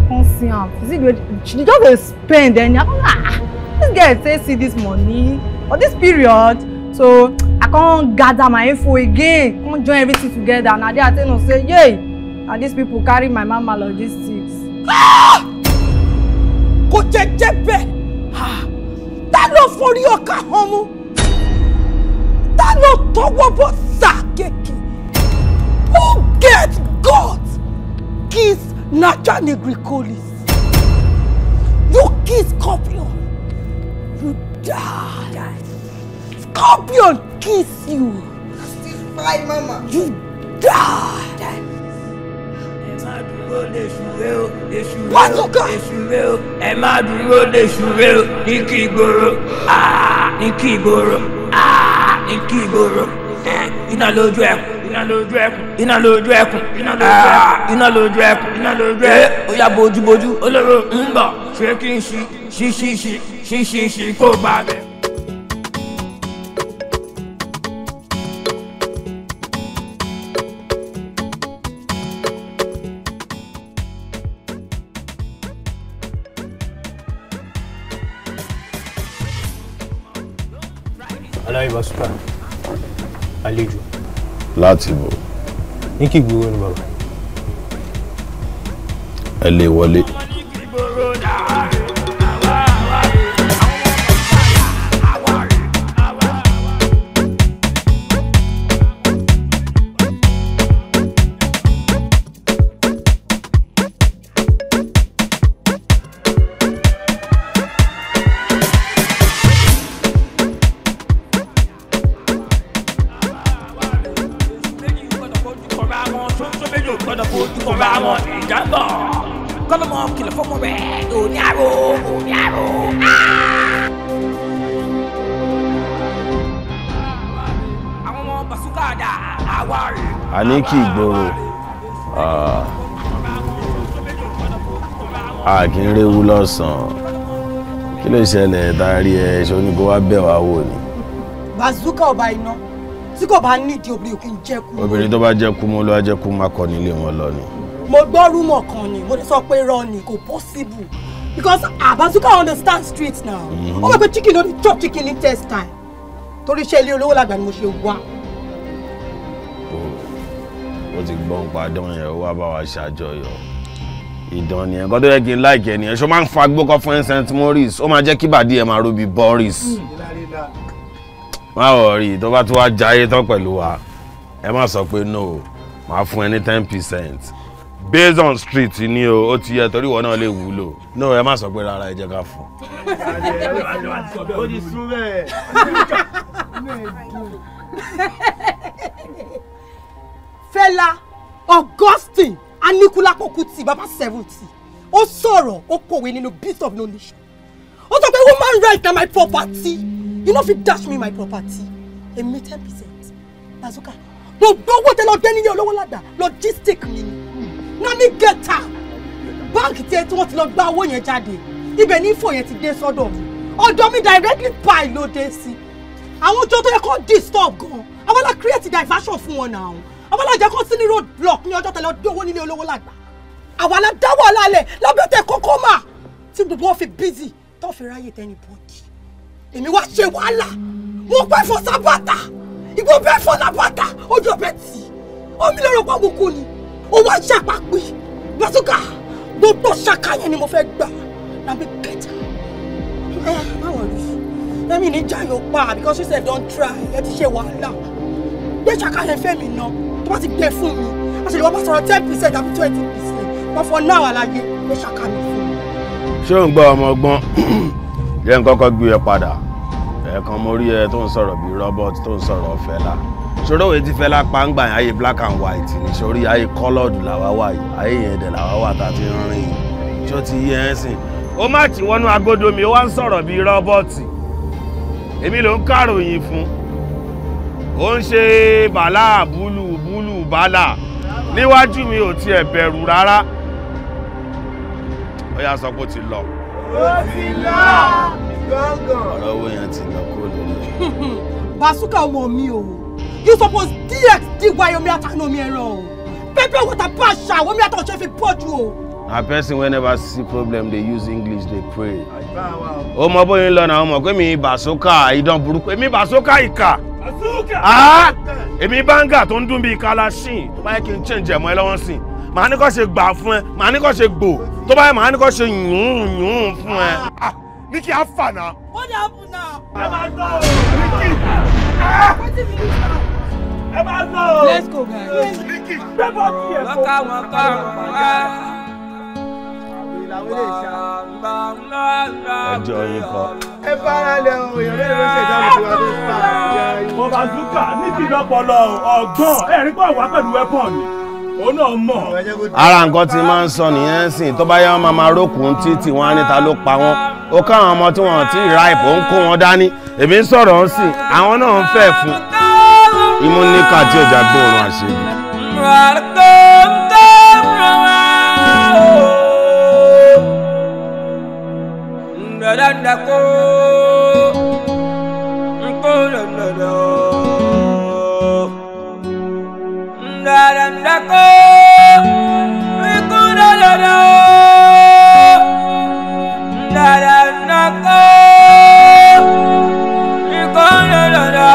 come see am You say she just dey spend anyhow come ah this girl say see this money for this period so i come gather my info again come join everything together and there i tell am say yay na these people carry my mama logistics. Ah! kò check bẹ́ẹ̀ ah, ta ló forí ọkà hàn mú That ló talk about sake. who get God kiss Nacha Negricolis. You kill Scorpion. You die. die. Scorpion kiss you. Still fly, mama. You die. die. Pàtùkà! Ẹ má dúró de ṣùrẹ́ o, ah, ní kí ìgboro, ah, ní kí ìgboro, ní kí ìgboro, iná lójú ẹ̀kú iná lójú ẹkùn iná lójú ẹkùn iná lójú ah. ẹkùn iná lójú ẹkùn iná lójú ẹkùn. Eh, ó yà bojúbojú. olóró ń bọ̀ ṣé kí n ṣí ṣí ṣí ṣí ṣí ṣí ṣí kó gbà bẹ́ẹ̀. aláìbásúkà àlejò láti bò. ní kí ìgbìwò ni bàbá. ẹ lè wọlé. Lẹ́kì ìgboro ah, a kì í réwu lọ́sàn-án kí ló ṣẹlẹ̀ tá a rí ẹ ṣe oníkó wá bẹ̀ wá wò ni. bazooka ọba iná tí kò bá nídìí obìnrin kì í jẹ́ kú. obìnrin tó bá jẹ́ kú mọ́ ló wá jẹ́ kú má kọ́ nílé wọn lọ ni. mo gbọ́ rúmọ̀ kan ni mo ti sọ pé irọ́ ni kò possible because ah bazooka understand street now mhm. ó wà pé chicken no dey chop chicken in test time torí iṣẹ́ ilé olówó làgbà ni mo ṣe wá ó ti gbọ́n padàn yẹn ó wá bá wa ṣàjọyọ̀ ìdán ni ẹ̀kọ́ tó yẹ kí n láìkẹ́ ni ẹ̀ṣọ́ máa ń fa gbókọ́ fún St. Maurice ó máa jẹ́ kí bàdí ẹ̀ máa robi Boris má wọ̀ rí tó bá tún wá jayé tán pẹ̀lú wa ẹ má sọ pé no máa fún ẹ ní ten percent based on street ni o ó ti yẹ torí ìwọ náà lè wúlò no ẹ má sọ pé rárá ẹ jẹ́ ká fún. ó ti sún bẹ́ẹ̀. Fẹlá Augustine Aníkúlápó Kútì baba seventy ó sọ̀rọ̀ ó kọ̀wé nínú beat of no nation ó sọ pé woman right na my property you no fit dash me my property èmi ten percent bazooka gbogbo owó tẹ lọ dé nílé olówó ládàá lọ jí steak mi ni nani gẹta báńkì tí wọ́n ti lọ gba owó yẹn jáde ibẹ̀ ní fò yẹn ti dé sọ́dọ̀ mi ọ̀dọ̀ mi directly buy ló dé sí àwọn ọjọ́ tó yẹ kó disturb gan àwọn la create diversion fún wọn náà ọmọlọ́jà kan sí ní road block ní ọjọ́ tẹ̀lé ọdún owó nílé olówó làgbà àwa la dá wàhálà lẹ̀ lábẹ́tẹ̀ kókó mà tí gbogbo wọn fi bízì tó fi ráyè tẹ́ni bọ́ọ̀dì èmi wá ṣe wàhálà mo pẹ́ fọ sábàtà ìgbó bẹ́ẹ̀ fọ làbàtà ojú ọbẹ̀ tì omi lọ́rọ̀ pa mo kú ni ó wá ṣe àpapì gbàtúkà gbogbo ṣàkà yẹn ni mo fẹ́ gbà làbí kẹta ẹ báwo rí ẹmí ní jayo pa because she said don try ẹ ti ṣe wàhálà gbé ṣàkà yẹn fẹ́ mi náà tó bá ti gbé fún mi wọ́n ṣe lè wọ́n bá sọ̀rọ̀ ten percent àbí twenty percent wọ́n fọ náà àlàyé ló ṣàkà mi fún ṣé ń gbọ́ ọmọ ọgbọ́n ń kọ́kọ́ gbé ẹ e padà ẹ̀ẹ̀kan mo rí ẹ tó ń sọ̀rọ̀ bíi robert tó ń sọ̀rọ̀ fẹ́lá ṣòro òye ti fẹ́lá pàǹgbà yẹn ayé black and white ni sórí ayé coloured làwa wà yìí ayé yẹn dẹ̀ làwa wà tá a ti rìn tí ó ti yẹ ẹ́ sìn ó má ti wọnú agodo mi ó wá ń sọ̀rọ̀ bíi robert èmi ló ń kàròyìn fún ó ń ṣe bàlá àbúlù bàálà níwájú mi ò tiẹ̀ bẹ̀rù rárá ó yà sọ pé ó ti lọ. ó ti lọ gángan. ọ̀rọ̀ owó yẹn ti lọ kó lórí. bàṣúkà ọmọ mi o you suppose dx dy omi atanu omi ẹran o pepper water pa àṣà omi atanu ṣe fi pọ̀jù o. na person wey never see problem dey use english dey pray o mọ bóyá ń lọ na ọmọ pé mi bàṣọkà ìdán burúkú èmi bàṣọkà ìkà. bàṣọkà èmi báńgà tó ń dún bíi kalashin tó kí n change ẹ̀mọ́ ẹ lọ́wọ́ sí i màá ní kó ṣe gbà fún ẹ màá ní kó ṣe gbò tó bá màá ní kó ṣe yùn yùn fún ẹ. Ah, ah, ní kí a fà náà. ó dà bù náà. ẹ máa lọ o Nikki. ẹ máa lọ o. let's go guys. Nikki. bẹ́ẹ̀ bọ́ tiẹ̀ kó. wọ́n ká wọn ká wọn wá làwọn lè ṣá. ẹjọ́ kọ. ẹ fara lẹ o èèyàn lè lọ ṣe ìdáhùn tí wàá tó fà á. zuka ní kí lọ́pọ̀lọ́ ọgbọ́n ẹ̀rín pọ̀ wá pẹ̀lú weapon òun náà mọ̀. ara nǹkan tí máa ń sọ nìyẹn sìn tó bá yẹ wọn máa máa rókun títì wọn á níta ló pa wọn ó káwọn ọmọ tí wọn ti ra ìbò ń kó wọn dání èmi ń sọ̀rọ̀ ń sìn àwọn náà ń fẹ́ fún imú níkà tí ò gbóòórùn àṣẹ. ndako nkolo nodo ndala ndako nkolo nodo ndala ndako nkolo nodo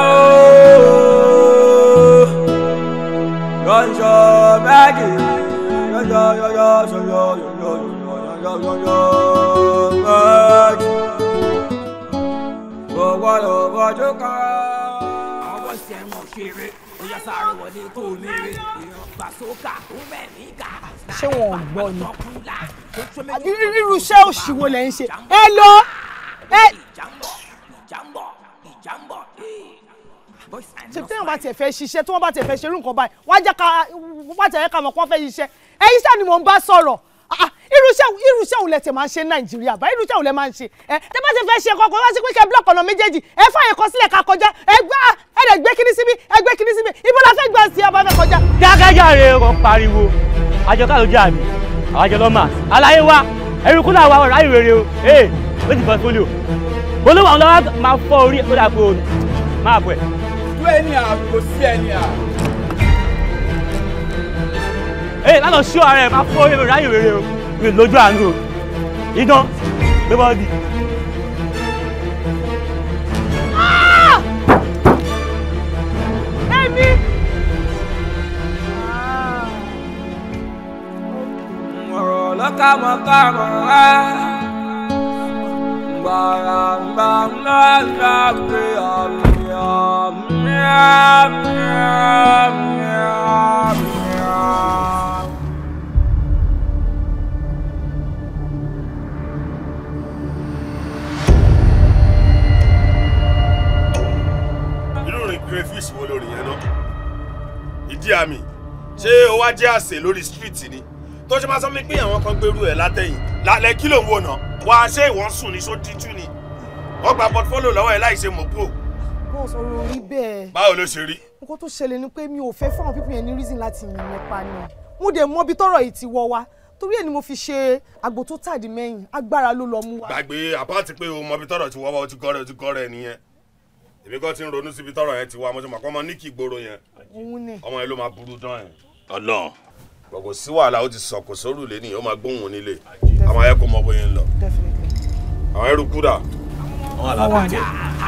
yonjo bagi yonjo yonjo yonjo yonjo yonjo yonjo ló bọ́jú kan. àwọn bọ́ọ̀sì ẹ̀ mọ̀ kéré bóyá sáré wọlé tó léèrè èèyàn sókà ó bẹ̀ mí ṣé wọn ò gbọ́ ni àbí rírú iṣẹ́ òṣì wo lẹ̀ ṣe ẹ lọ ẹ. ṣe tí wọn bá tiẹ̀ fẹ́ ṣiṣẹ́ tí wọn bá tiẹ̀ fẹ́ ṣerú nǹkan báyìí wọ́n á jẹ́ ká wọ́n bá tiẹ̀ ká mọ̀ kó fẹ́ ṣiṣẹ́ ẹ̀yin sáà ni mò ń bá sọ̀rọ̀ irúṣẹ́ irúṣẹ́ òun lẹ ti máa ń ṣe nàìjíríà bá irúṣẹ́ òun lẹ máa ń ṣe ẹ tẹ bá ti fẹ́ ṣe kọ̀ọ̀kan wá sí pé kẹ́ blọ́ọ̀kì ọ̀nà méjèèjì ẹ fààyè kan sílẹ̀ ká kọjá ẹ gbá ẹ lè gbé kíní síbi ẹ gbé kíní síbi ibo la fẹ́ gbà sí ọba fẹ́ kọjá. dákẹ́jà rẹ̀ kò pariwo àjọ káàlójà mi àjọ lọ́mà aláyé wa ẹ̀rù kúlà wa ọ̀rọ̀ ayé rere o ee ó ti pọtifólíò olówó àwọn lọ́wọ́ máa fọ orí ó dà pé o máa bọ̀ ẹ̀. tú ẹni à kò sí ẹni à. ee lálọ́ sí rere o mi lójú àánú idán gbé bọ́ọ̀dì. Ah! ẹ̀mí. Ah! ọ̀rọ̀ lọ́kàmọ́kàmọ́ ah! crayfish wo lórí yẹn náà ìdí àmì ṣé o wá jẹ́ àsè lórí street ni tó ṣe máa sọ mi pé àwọn kan gbèrú ẹ̀ látẹ̀yìn lálẹ́ kí ló ń wò náà wá ṣé ìwọ̀n sùn ní só díjú ni wọ́n gba portfolio lọ́wọ́ ẹ̀ láì ṣe mọ̀pọ̀. bọ́ọ̀ sọ̀rọ̀ orí bẹ́ẹ̀. báwo ló ṣe rí. nǹkan tó ṣẹlẹ̀ ni pé mi ò fẹ́ fáwọn pípín yẹn ní reason láti yìn nípa náà mo dẹ̀ mọ ibi tọ́rọ̀ yìí ti wọ wa torí ẹ̀ ni mo fi ṣe àgbò tó tàdí mẹ́yìn agbára ló lọ mú wa. gbàgbé àpá ti pé o mọ ibi tọ́rọ̀ ti wọ wa o ti gọ́rẹ̀ o ti gọ́rẹ̀ nìyẹn èmi kan ti ń ronú síbi tọrọ yẹn ti wá mọ́tò màkọ́ ọmọ ní kí gbòòrò yẹn ọmọ yẹn ló máa burú dán yẹn. ọlọ́run gbogbo sí wàhálà ó ti sọkò sórùlé nìyẹn ó máa gbóhùn nílé àwọn ayẹ kò mọ bóyá ń lọ àwọn ẹrú kúdà. wọn àlàkàtẹ.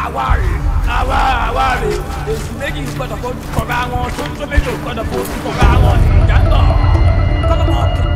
àwa rè àwa àwa rè èsì méjì gbọ́dọ̀ fọ kọba wọn tó tó méjì gbọ́dọ̀ fọ kọba wọn ìjà ń lọ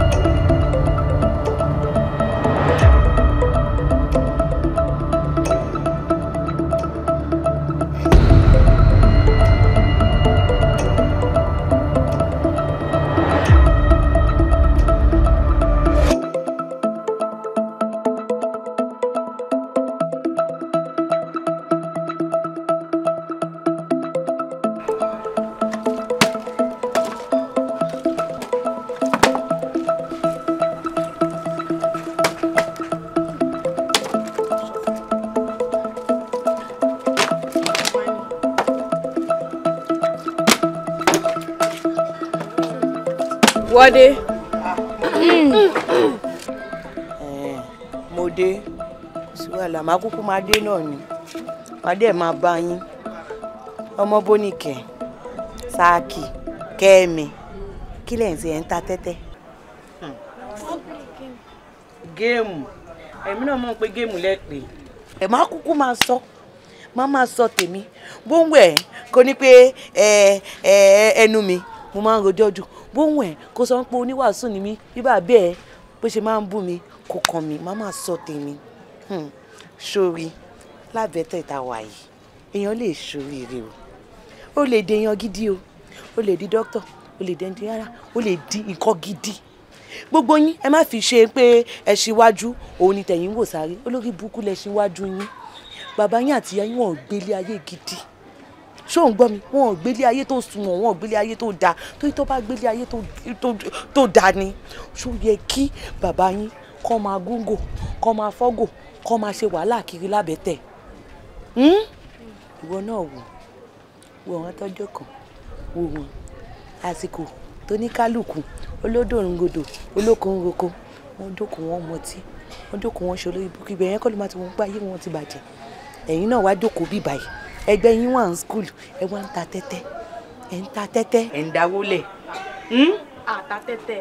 wọ́dé. mo dé sùwàlà má kúkú máa dé náà ni má dé máa bá yín ọmọ bóníkẹ sáàkì kẹ́mi kí lẹ́yìn sí ẹ̀ ń ta tẹ́tẹ́. géèmù èmi náà mọ̀ pé géèmù lẹ́pẹ́. ẹ má kúkú máa sọ má máa sọ tèmi bó ń ní pé ẹnu mi mo máa ń rojọ́ jù bóhùn ẹ̀ kó sọ pé oníwàásù ni mí bíbá bẹ́ẹ̀ bó ṣe máa ń bú mi kò kàn mí má máa sọ tèmi sórí hmm, lábẹ́tẹ̀ tá a èèyàn lè ṣoríire o ó lè di èèyàn gidi o ó lè di dókítà ó lè di ẹnìyàrá ó lè di nǹkan gidi gbogbo yín ẹ má fi ṣe pé ẹ ṣíwájú òun ni tẹ̀yìn wò sáré olórí burúkú lẹ ṣíwájú yín bàbá yín àti ìyá yín wọn ò gbélé ayé gidi ṣó ń gbọ́ mi wọn ò gbélé ayé tó sunwọ̀n wọn ò gbélé ayé tó da torí tó bá gbélé ayé tó da ni ṣó yẹ kí bàbá yín kọ́ máa gúngò kọ́ máa fọ́gò kọ́ máa ṣe wàhálà kiri lábẹ́tẹ̀ hmm? ìwọ náà wò wò wọn tọ́jọ́ kan wò wọn àsìkò tó ní kálukú olódòǹgodò olókoǹroko wọn dókòó wọn mọtí wọn dókòó wọn ṣe olóyìnbó ibẹ̀ yẹn kọ́ máa ti wọn gbá ayé wọn ti bàjẹ́ ẹ̀yin náà wá dókòó bíbáyìí ẹgbẹ́ yín wà ní skul ẹ wá ń ta tẹ́tẹ́ ẹ ń ta tẹ́tẹ́. ẹ ń dáwó lẹ̀. àta tẹ́tẹ́.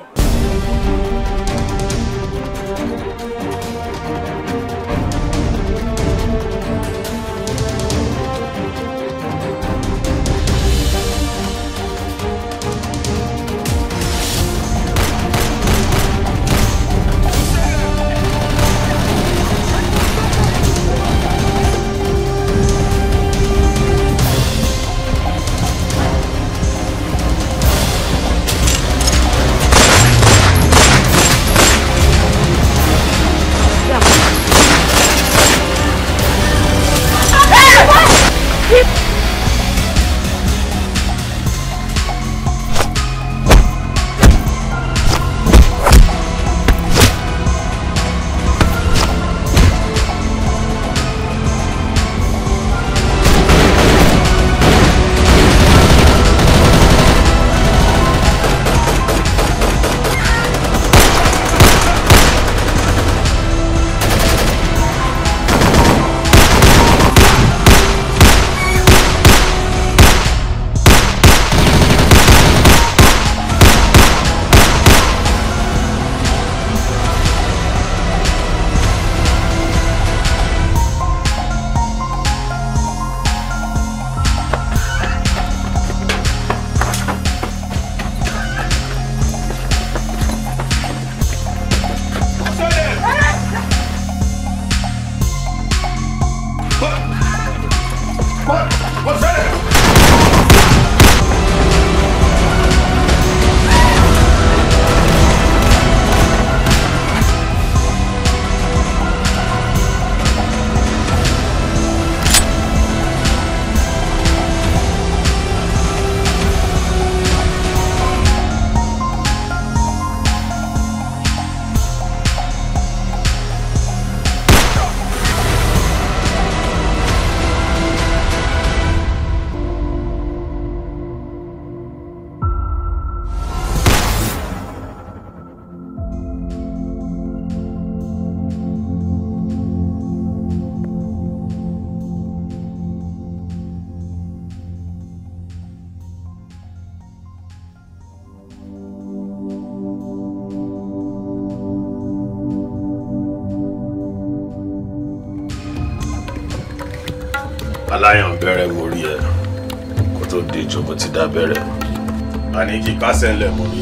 kásẹ̀ ńlẹ̀ mọ́ mi.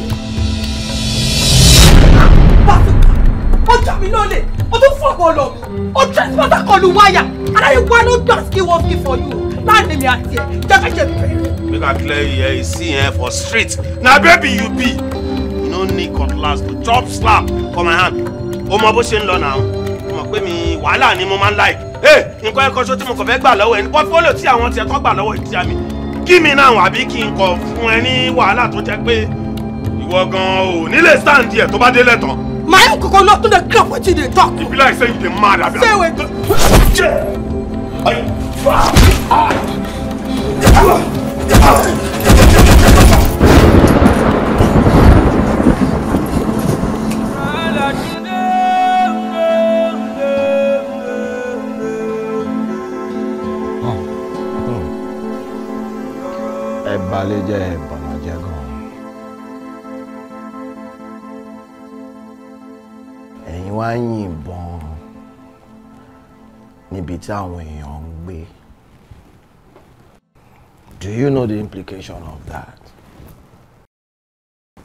bàtúkà ọjà mi náà lè o tún fọ́ bọ́ọ̀lù mi o trespass akọlù wáyà aláyé wa ló gbà sí wọn kí fọ yìí o láàrin mi àti ẹ jẹ́fẹ́jẹ́ bẹ̀rẹ̀. make i clear you here you see eh, for street na baby you be you no need cutlass to chop slap for my hand o mọ bó ṣe ń lọ náà o mọ pé mi wàhálà ni mo máa ń like eh, nǹkan ẹ̀kọ́ ṣó tí mo kàn fẹ́ gbà lọ́wọ́ ẹ̀ ní pọ́fólò tí àwọn tiẹ̀ kọ́ gbà lọ́wọ́ ẹ̀ mi kí mi náà àbí kí n kọ fún ẹ ní wàhálà tó jẹ́ pé ìwọ gan ò nílé stand yẹ tó bá délé tán. my own koko no tún dey clap wetin you dey talk. e be like say you dey mad abi. say wey. wá yìnbọn níbi tí àwọn èèyàn ń gbé do you know the implication of that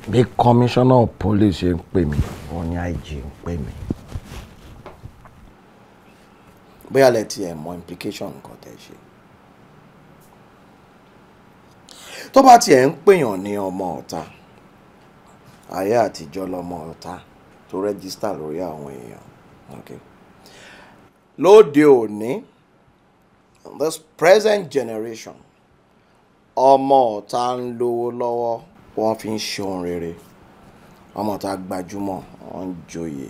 bí commissioner of police ṣe ń pè mí wọ́n ní IG ń pè mí bóyá lè tiẹ̀ mọ implication nǹkan tẹ̀ ṣe tó bá tiẹ̀ ń pèèyàn ní ọmọ ọ̀tá ayé àtijọ́ lọmọ ọ̀tá tó rẹ́gísítà lórí àwọn èèyàn. Okay. lóde òní this present generation ọmọ ọ̀tá ń lówó lọ́wọ́ wọ́n fi ń ṣe ohun rere ọmọ ọ̀tá gbajúmọ̀ wọ́n ń joyè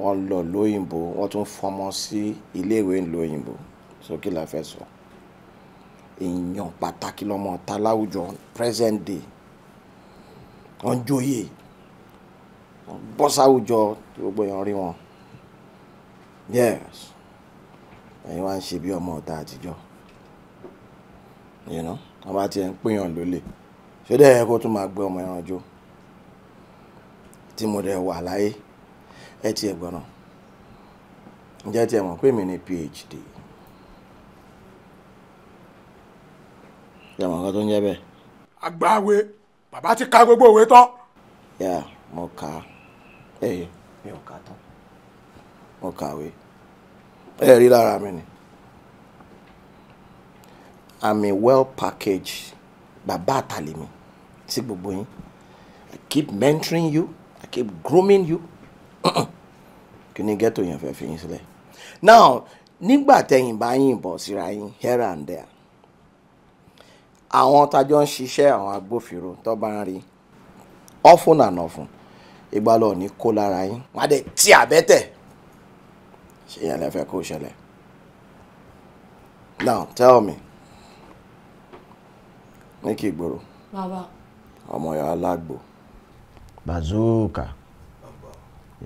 wọ́n lọ lóyìnbó wọ́n tún fọmọ sí iléèwé lóyìnbó sókè la èèyàn pàtàkì lọ́mọ ọ̀tá láwùjọ present day wọ́n joyè bọ́ sáwùjọ tí gbogbo èèyàn rí wọn yes ẹ̀yin wá ń ṣe bí ọmọ ọ̀tá àtijọ́ yìnyín wọn bá tiẹ̀ ń pèèyàn lólè ṣé dẹ́ ẹ kó tún máa gbé ọmọ ẹran jó tí mo dẹ̀ wà láyé ẹ tiẹ̀ gbọ́nà ǹjẹ́ tiẹ̀ mọ̀ pé mi ní PhD ṣe mọ̀ nǹkan tó ń jẹ́ bẹ́ẹ̀. àgbà àwẹ̀ bàbá ti ka gbogbo òwe tán. yà mo kà á ẹ̀yẹ mi ò kà tán mo kàwé ẹ rí lára mi ni i'm a well packaged bàbá àtàlẹ́ mi sí gbogbo yín i keep mentoring you i keep grooming you kí ni ghetto yẹn fẹ́ fi yín sílẹ̀ now nígbà tẹ̀yìn bá yìnbọn síra yín here and there àwọn tájọ́ ń ṣiṣẹ́ àwọn agbófinró tó bá ń rí ọ̀fun and ọ̀fun ìgbà lọ ní kó lára yín wọ́n á dẹ̀ tí àbẹ́tẹ̀ ṣe yẹn lẹ́fẹ̀ẹ́ kó ṣẹlẹ̀ now tell me ní kí ìgboro ọmọ ìyá alágbò bazooka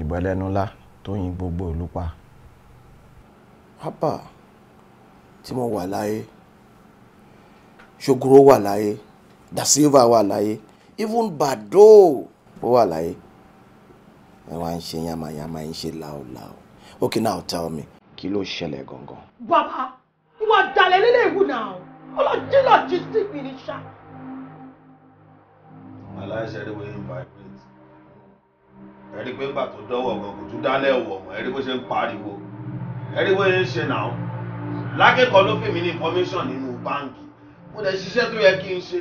ìbọn ẹlẹ́nu ńlá tó yin gbogbo ìlú pa. hábà tí mo wà láyé ṣogoro wà láyé da silva wà láyé even bado ó wà láyé wá ń ṣe yàmàyàmà ń ṣe láòláò okay now tell me kí ló ṣẹlẹ̀ gangan. bàbá ìwà ọ̀dàlẹ̀ lílé ìwú náà ọlọ́jí lọ́jí sí mi ní ṣá. aláìṣẹ́ rí wọ́n ń vibrate ẹ̀rí pé ńgbà tó dọ́wọ́ ọ̀gàn kò tún dálẹ̀ wọ̀ mọ́ ẹ̀rí bó ṣe ń pariwo ẹ̀rí bó ṣe ṣe náà lákẹ́kọ̀ọ́ ló fèmí ní information nínú báǹkì mo dẹ̀ ṣiṣẹ́ tó yẹ kí n ṣe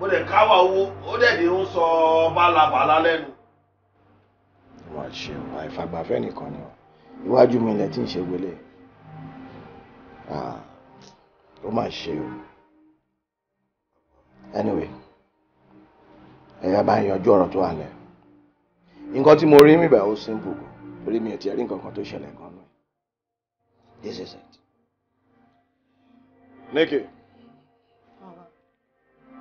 mo dẹ̀ káwà owó ó dẹ̀ ní ń sọ bálabàlá lẹ́nu wàá ṣe o nìkan ni iwájú mi ilẹ̀ tí ń ṣe wọlé ó mà ṣe o anyway ẹ̀yà bá ń yanjú ọ̀rọ̀ tó wà lẹ̀ nǹkan tí mo rí mi báyìí ó simple kù torí mi ò tiẹ̀ rí nǹkan tó ṣẹlẹ̀ gan náà this is it. Nikki.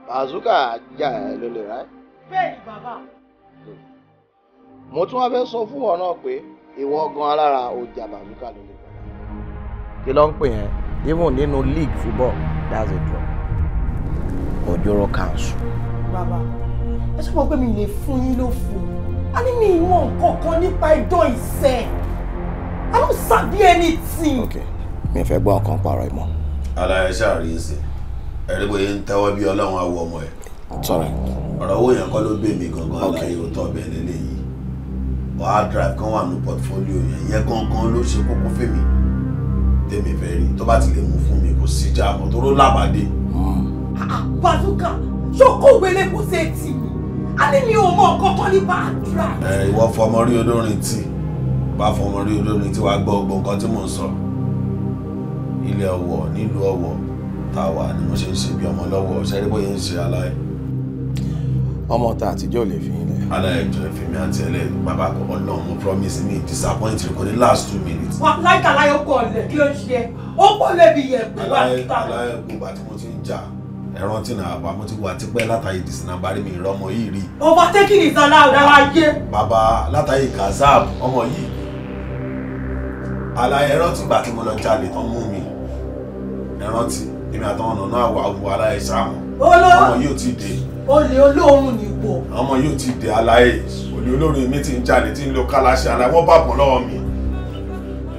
Bazuka jà ẹ lólè, right? Bẹ́ẹ̀ni bàbá. Hmm mo tún wá fẹ́ sọ fún ọ náà pé ìwọ gan alára ọjà bàbúkà ló lè gbọ́dọ̀. kí ló ń pè yẹn even nínú league football that's a draw ojoro council. bàbá ẹ sọ fún ọ pé mi lè fún yín ló fún a ní mi ìmọ̀ nǹkan kan nípa idán ìṣẹ́ i don't sabi anything. ok mi fẹ́ gbọ́ ọkàn pààrọ̀ ìmọ̀. ara ẹ ṣáà rí ẹsẹ̀ ẹ̀rí bóyá ń tẹ́wọ́ bí ọlọ́run á wọ ọmọ ẹ̀. sọ̀rọ̀ ọ̀rọ̀ owó yẹn kọ́ ló bẹ̀ mí gangan láyé òótọ́ bẹ̀rẹ̀ lẹ́yìn hard drive kan wà ní portfolio yẹn yẹn gangan ló ṣe kókó fèmí tèmi fẹ́ rí tó bá ti lè mú fún mi kò sí ìjà àmọ́ tó ló lábàdé. Ah, ah, bazooka ṣoko wele kò ṣe tì á ní mi ò mọ kọ́kọ́ nípa hard drive. ẹ ìwọ fọmọ rí olórin tí bá fọmọ rí olórin tí wàá gbọ́ gbogbo nǹkan tí mò ń sọ ilé ọwọ nílùú ọwọ tá a wà ni mo ṣe ń ṣe bí ọmọ lọ́wọ́ ṣẹlẹ bóyá ń ṣe aláì. ọmọ ta àtijọ́ lè fi yín aláìjọ fèmí àti ẹlẹ bàbá Ọlọ́run mo promise mi disappoint rẹ kò ní last two minutes. wà láìka láyé ọkọ ọlẹ kí ló ń ṣe ó pọ̀ lẹbi yẹn pẹ̀lú àkíta. aláyẹ gbogbo àti mo ti ń jà ẹ̀rọ tí nà àbá mo ti wà tipẹ́ látàyè dìsínàbárí mi ìrọmọ yìí rí. overtaking is allowed ara yé. bàbá látàyè kazab ọmọ yìí aláyẹ ẹ̀rọ tí gbà tí mo lọ jalè tán mú mi ẹ̀rọ tí èmi àtàwọn ọ̀nà náà wà wù aláyẹ sáà mọ́ ọmọ yìí ò tí ì dé olè olóorun ni wọ. ọmọ yóò ti dè aláyè olè olóorun mi ti ń jalè tí ń lo kálásì ara wọn bá bọ̀ lọ́wọ́ mi.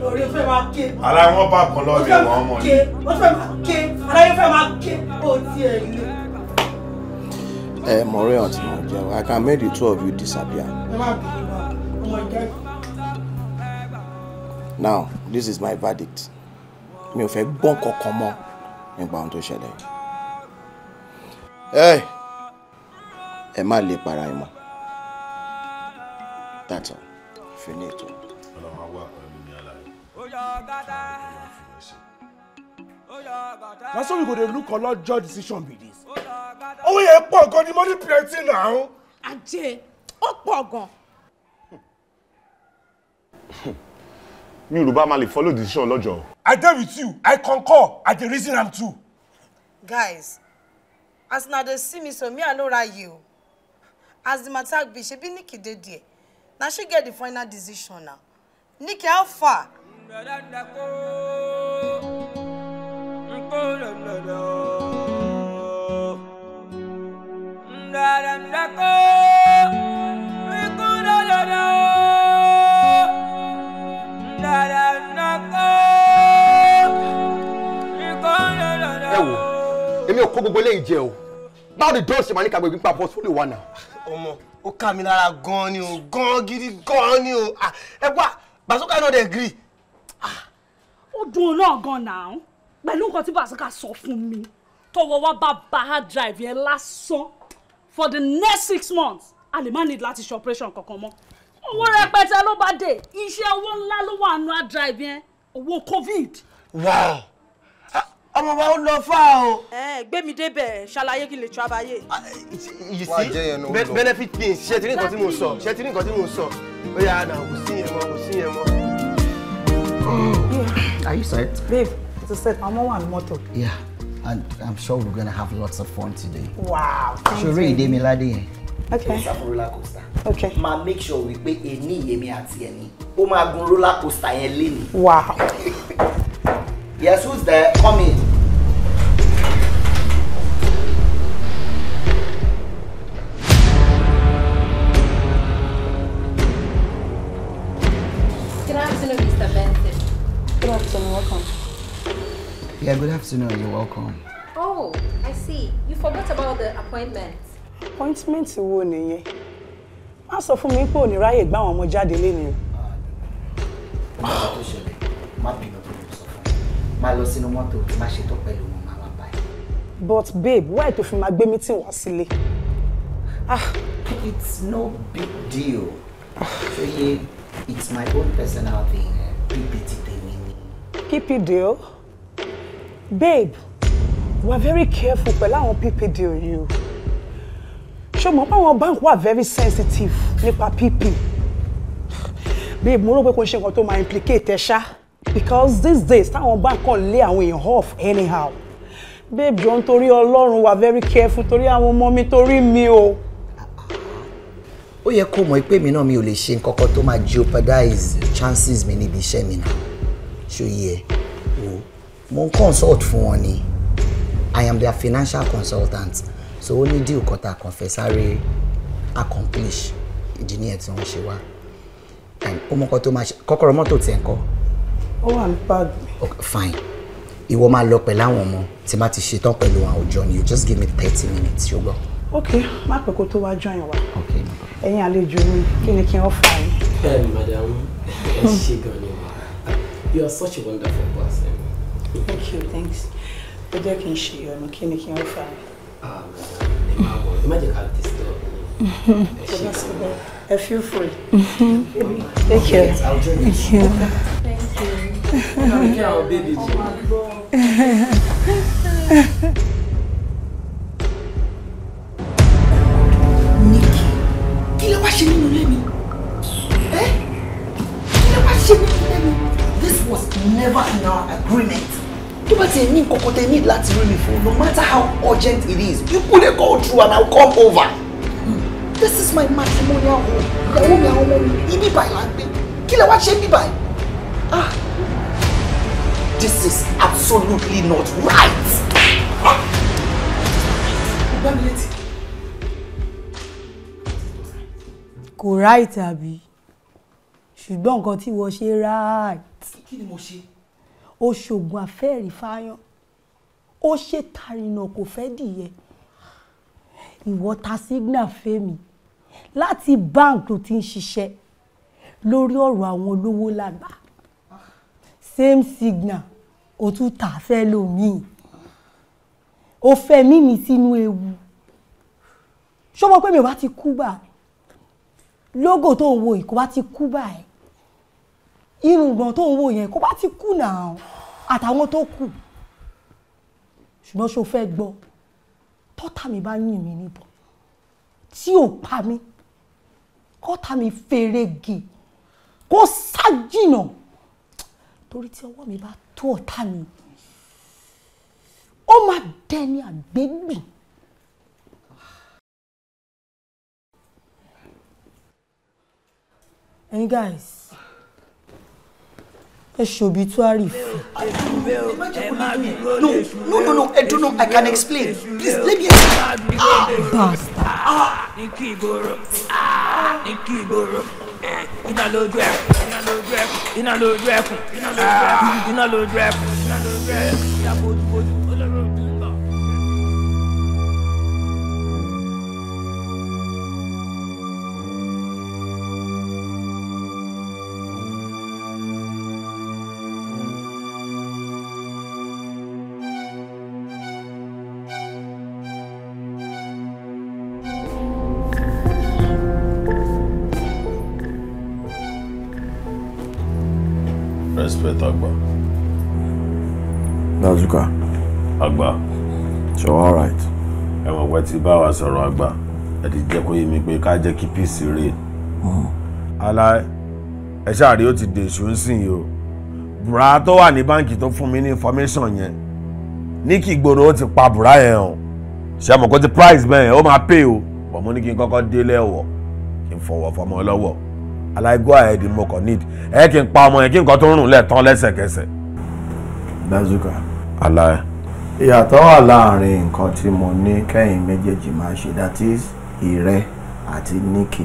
lórí fẹ́ máa ké. ara wọn bá bọ̀ lọ́wọ́ mi wọ́n ọmọ yìí. ó fẹ́ máa ké ara yóò fẹ́ máa ké ó tiẹ̀ lé. ẹ mọ̀rẹ́ ọ̀tí mo jẹ́ I can make the two of you disappear. now this is my verdict mi ò fẹ́ gbọ́n kankan mọ́ nípa ohun tó ṣẹlẹ̀. Hey ẹ má lè para ẹ mọ́ tàtọ fínì ètò. na so we go dey look judge decision be this. owó yẹn pọ̀ gan ni money plenty now. àjẹ́ ó pọ̀ gan. mi ò rò bá máa lè follow decision lọ́jọ́. I dey with you I concur I dey reason am too. guys as una dey see me so me i no ra you as the matter be shebi Nikki dey there na she get the final decision now Nikki how far. ẹ wo èmi ò kó gbogbo eléyìí jẹ o báwo ni dọ́ọ̀ ṣe máa ní kàgbé gbígbà portfolio wa náà. ọmọ ó kà mí lára gan-an ni o gan-an gidi gan-an ni o ah, ẹ gbà bàṣọkà náà dẹ̀ gírì. Ah. ó dùn náà gan náà pẹ̀lú nǹkan tí bàṣọkà sọ fún mi tọwọ́ wa bá bá drive yẹn lásán for the next six months a lè má need láti ṣe operation kankan mọ́ owó rẹpẹtẹ ló bá dé iṣẹ́ owó ńlá ló wà nù drive yẹn owó covid. wow ọmọ wa ó lọ fà o. ẹ gbé mi débẹ̀ ṣàlàyé kí n lè tún abayé. yìí sí benefit pin ṣe ti ní nǹkan tí mo sọ ṣe ti ní nǹkan tí mo sọ ó yà á nà kò sí yẹn mọ kò sí yẹn mọ. Are you set? Babe, it's a set. I'm on motor. Yeah, and I'm sure we're gonna have lots of fun today. Wow, thank you. Ṣeré Idemilade. Okay. It's a roller coaster. Okay. Ma make sure we pay any Yemi àti Yemi. Ó máa gun roller coaster yẹn léni. Wow. Yes, who's there? Come in. Good afternoon, Mr. Benson. welcome. Yeah, good afternoon, you're welcome. Oh, I see. You forgot about the appointment. Appointment wo nìyẹn? Má sọ fún mi pé ò ní ráyè gbá àwọn ọmọ jáde lénìí. Ah, Má bínú máa lọ sínú mọ́tò tó bá ṣetán pẹ̀lú wọn máa wá báyìí. but babe why tó fi máa gbé meeting wá sílé. ah it's no big deal. So ṣòye it's my own personal thing pp eh? tèmi ni. pp deal babe we are very careful pẹ̀lú àwọn pp deal yìí ṣé o mọ̀ àwọn bank wa very sensitive nípa pp babe mo rò pé kò ń ṣe nǹkan tó máa implicate ẹ ṣáá because these days táwọn bá kàn lé àwọn èèyàn off anyhow babe jọ nítorí ọlọ́run wà very careful torí àwọn ọmọ mi torí mi o. ó yẹ kó mọ̀ pé mi náà mi ò lè ṣe nǹkan kan tó máa jeopardize chances mi níbi iṣẹ́ mi náà ṣó yẹ o mo ń consult fún wọn ni I am their financial consultant so ó ní deal kan tá a kàn accomplish ìdí nìyẹn tí wọ́n ṣe wá ọmọ kan tó máa ṣe kọ́kọ́rọ́ mọ́tò tiẹ̀ ń kọ́ ó wà ní báàgì ok fine ìwọ máa lọ pẹ̀lú àwọn ọmọ tí má ti ṣetán pẹ̀lú àwọn òjò ni you just give me thirty minutes ṣùgbọ́n. ok má pẹ́ kó tó wá join wa ẹ̀yin àlejò mi kí ni kí n ọ̀fà yín. bẹ́ẹ̀ni madam ẹ ṣe gan ni wa you are such a wonderful person. thank you thanks ẹ jẹ́ kí n ṣe ìyọnu kí ni kí n ọ̀fà yín. ah madam ẹ máa wọ ẹ má jẹ́ ká disturb me ẹ ṣe gan ni. I feel free. Mm-hmm. Thank you. Thank you. Thank you. Come care of baby. Oh my God. kí ló wá ṣe nínú ilé mi this was never in our agreement. tó bá tiẹ̀ ní kọ̀kọ́ tẹ ní láti rí mi no matter how urgent it is you kúlẹ̀ go through and I'll come over. Hmm. this is my matrimonial home ìyàwó mi àwọn ọmọ mi ibi báyìí là ń gbé kí ló ah This is absolutely not right. Kò right àbí? Ṣùgbọ́n nǹkan tí wọ́n ṣe right. Kí ni mo ṣe? Ó ṣoògùn àfẹ́ẹ̀rí fáyán. Ó ṣe tàrìnà kò fẹ́ dìyẹ. Ìwọ ta signal fẹ́mi láti bank tó ti ń ṣiṣẹ́ lórí ọ̀rọ̀ àwọn olówó lágbà. Same signal o tún tà fẹ́ lómìn o fẹ́ mímì sínú ewu ṣó mọ̀ pé mi ò bá ti kú bà lógò tó ń wo yìí kó bá ti kú báyìí irùngbọ̀n tó ń wo yẹn kó bá ti kú náà àtàwọn tó kù ṣùgbọ́n ṣó fẹ́ gbọ́ tọ́tà mi bá yìn mí níbọn tí ò pa mí kọ́tà mi fèrègè kó sá jìnà torí tí ọwọ́ mi bá tó ọ̀tá mi ó máa dẹni àgbégbìn. ẹ̀yin guys ẹ ṣe obituary fún. no no no no I don't know I can explain please let me explain. Ah, ah bastard. ah ní ah, eh, kí ìgboro ah ní kí ìgboro ẹ kí ẹ. In a lójú ẹkùn In a ẹkùn iná In a iná lójú In a lójú ẹkùn. àgbà. so all right. ẹ mọ̀ pé tí bá wa sọ̀rọ̀ àgbà ẹ ti jẹ́ kó yé mi pé ká jẹ́ kí peace reign. ala hmm. ẹ ṣáàrí ó ti dè ṣó ń sìn yìí o bùrà tó wà ní báǹkì tó fún mi ní information yẹn ní kí ìgboro ó ti pa bùrà yẹn o ṣe mọ̀ kó ti price bẹ́ẹ̀ ó máa pay o bọ̀ mo ní kí n kọ́kọ́ délé ẹ̀wọ̀ kí n fọwọ́ fọmọ ọlọ́wọ́ aláìgọ́ àyẹ̀dì mo kàn need ẹ kí n pa ọmọ yẹn kí nǹkan tó ń rùn lẹ̀ tán lẹ́sẹ̀kẹsẹ̀. dazuka. alaye ìyàtọ̀ wà láàrin nǹkan tí mo ní kẹ́yìn méjèèjì máa ṣe that is ìrẹ àti níkì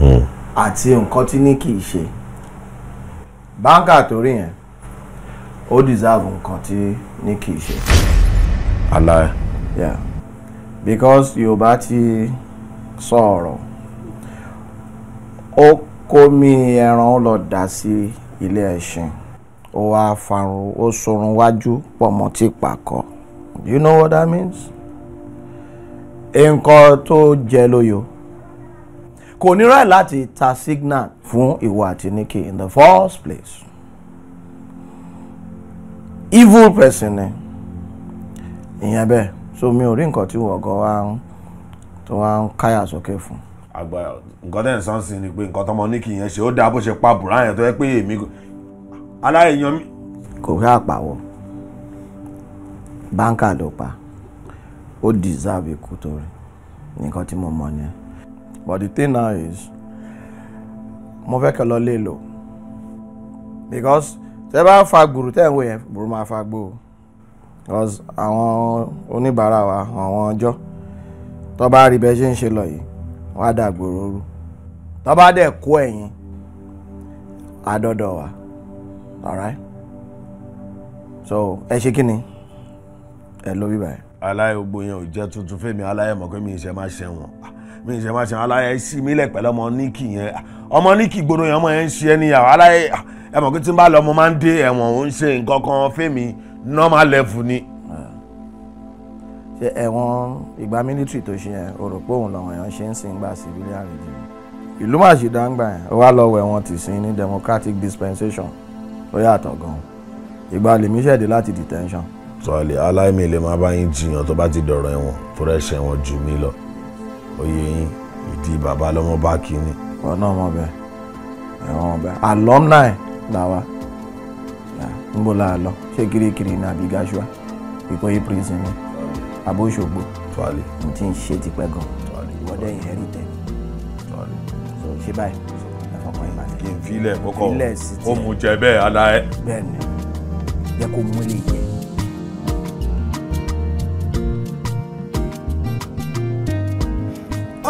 hmm. àti nǹkan tí níkì ṣe báńkà torí yẹn ó deserve nǹkan tí níkì ṣe. aláì. yeah because yorùbá ti sọ ọ̀rọ̀ ó kó mi ẹran ó lọ dà sí ilé ẹṣin ó wá farun ó sorun wájú pọ̀ mọ́ tí pàkọ́ you know what that means? nǹkan tó jẹ lóyò kò nira láti ta signal fún ìwọ àti Nikki in the first place evil person ni ìyẹn bẹ́ẹ̀ so mi ò rí nǹkan tí wọ́n gan wá ń tó wá ń káyà sókè fún. àgbà nǹkan tẹ̀ ń sàn sí ni pé nǹkan tọmọ Nikki yẹn ṣe ó dáa bó ṣe pa Buhari yẹn tó yẹ pé èmi aláìyan mi. kò rí àpàwọ̀ báńkà ló pa ó deserve ikú tó rí nǹkan tí mo mọ̀ yẹn but the thing now is mo fẹ́ kẹ́ lọ lé lò because tẹ́ bá fa gbùrù tẹ́ ń wò yẹn gbùrù máa fa gbó because àwọn oníbàárà wa àwọn ọjọ́ tó bá rí bẹ́ẹ̀ ṣe ń ṣe lọ yìí wọ́n á dà gbòòrò rú tó bá dẹ̀ kó ẹ̀yìn àdọ́dọ̀ wa all right so ẹ ṣe kí ni ẹ ló bí báyìí. aláyẹ gbogbo yẹn ò jẹ́ tuntun fẹ́mi aláyẹ mọ̀ pé mi ìṣe máa ṣe wọn mi ìṣe máa ṣe wọn aláyẹ sí mi lẹ̀ pẹ̀lú ọmọ níkì yẹn ọmọ níkì gbòòrò yẹn ọmọ yẹn ń ṣe ẹniyàwó aláyẹ ẹ mọ̀ pé tí n bá lọ mo máa ń dé ẹ̀wọ̀n ò ń ṣe nǹkan kan fẹ́mi normal level ni. ṣe ẹ̀wọ̀n ìgbà mílítírì tó ṣe yẹn o rò pé òun làwọn èèyàn ṣe ń sìn gbà civilian regime ìlú má dáńgbà yẹn ó wá lọ wẹ̀ wọn ní democratic dispensation ó yàtọ̀ gan-an ìgbà lèmi ṣẹ̀dé láti detention so aláìmí lè má bá yín jiyàn tó bá ti dọ̀rọ̀ ẹ̀wọ̀n tó rẹ̀ṣẹ̀ wọn jù mí lọ oyè yín ìdí bàbá lọ́mọ bá kínní. wọn náà mọ bẹ́ẹ̀ ẹwọn ọbẹ alumni làwa ń bọ la lọ ṣé kirikiri ní àbí gashua ìkọyí prison ni abóṣogbo n ti ń ṣe tipẹ́ gan ìwọ́dẹ̀ inherited ṣe báyìí ẹ fọkàn yín balẹ̀. kí n filẹ̀ kókó ó mu jẹ bẹ́ẹ̀ ala ẹ. bẹ́ẹ̀ni jẹ kó mú ilé jẹ.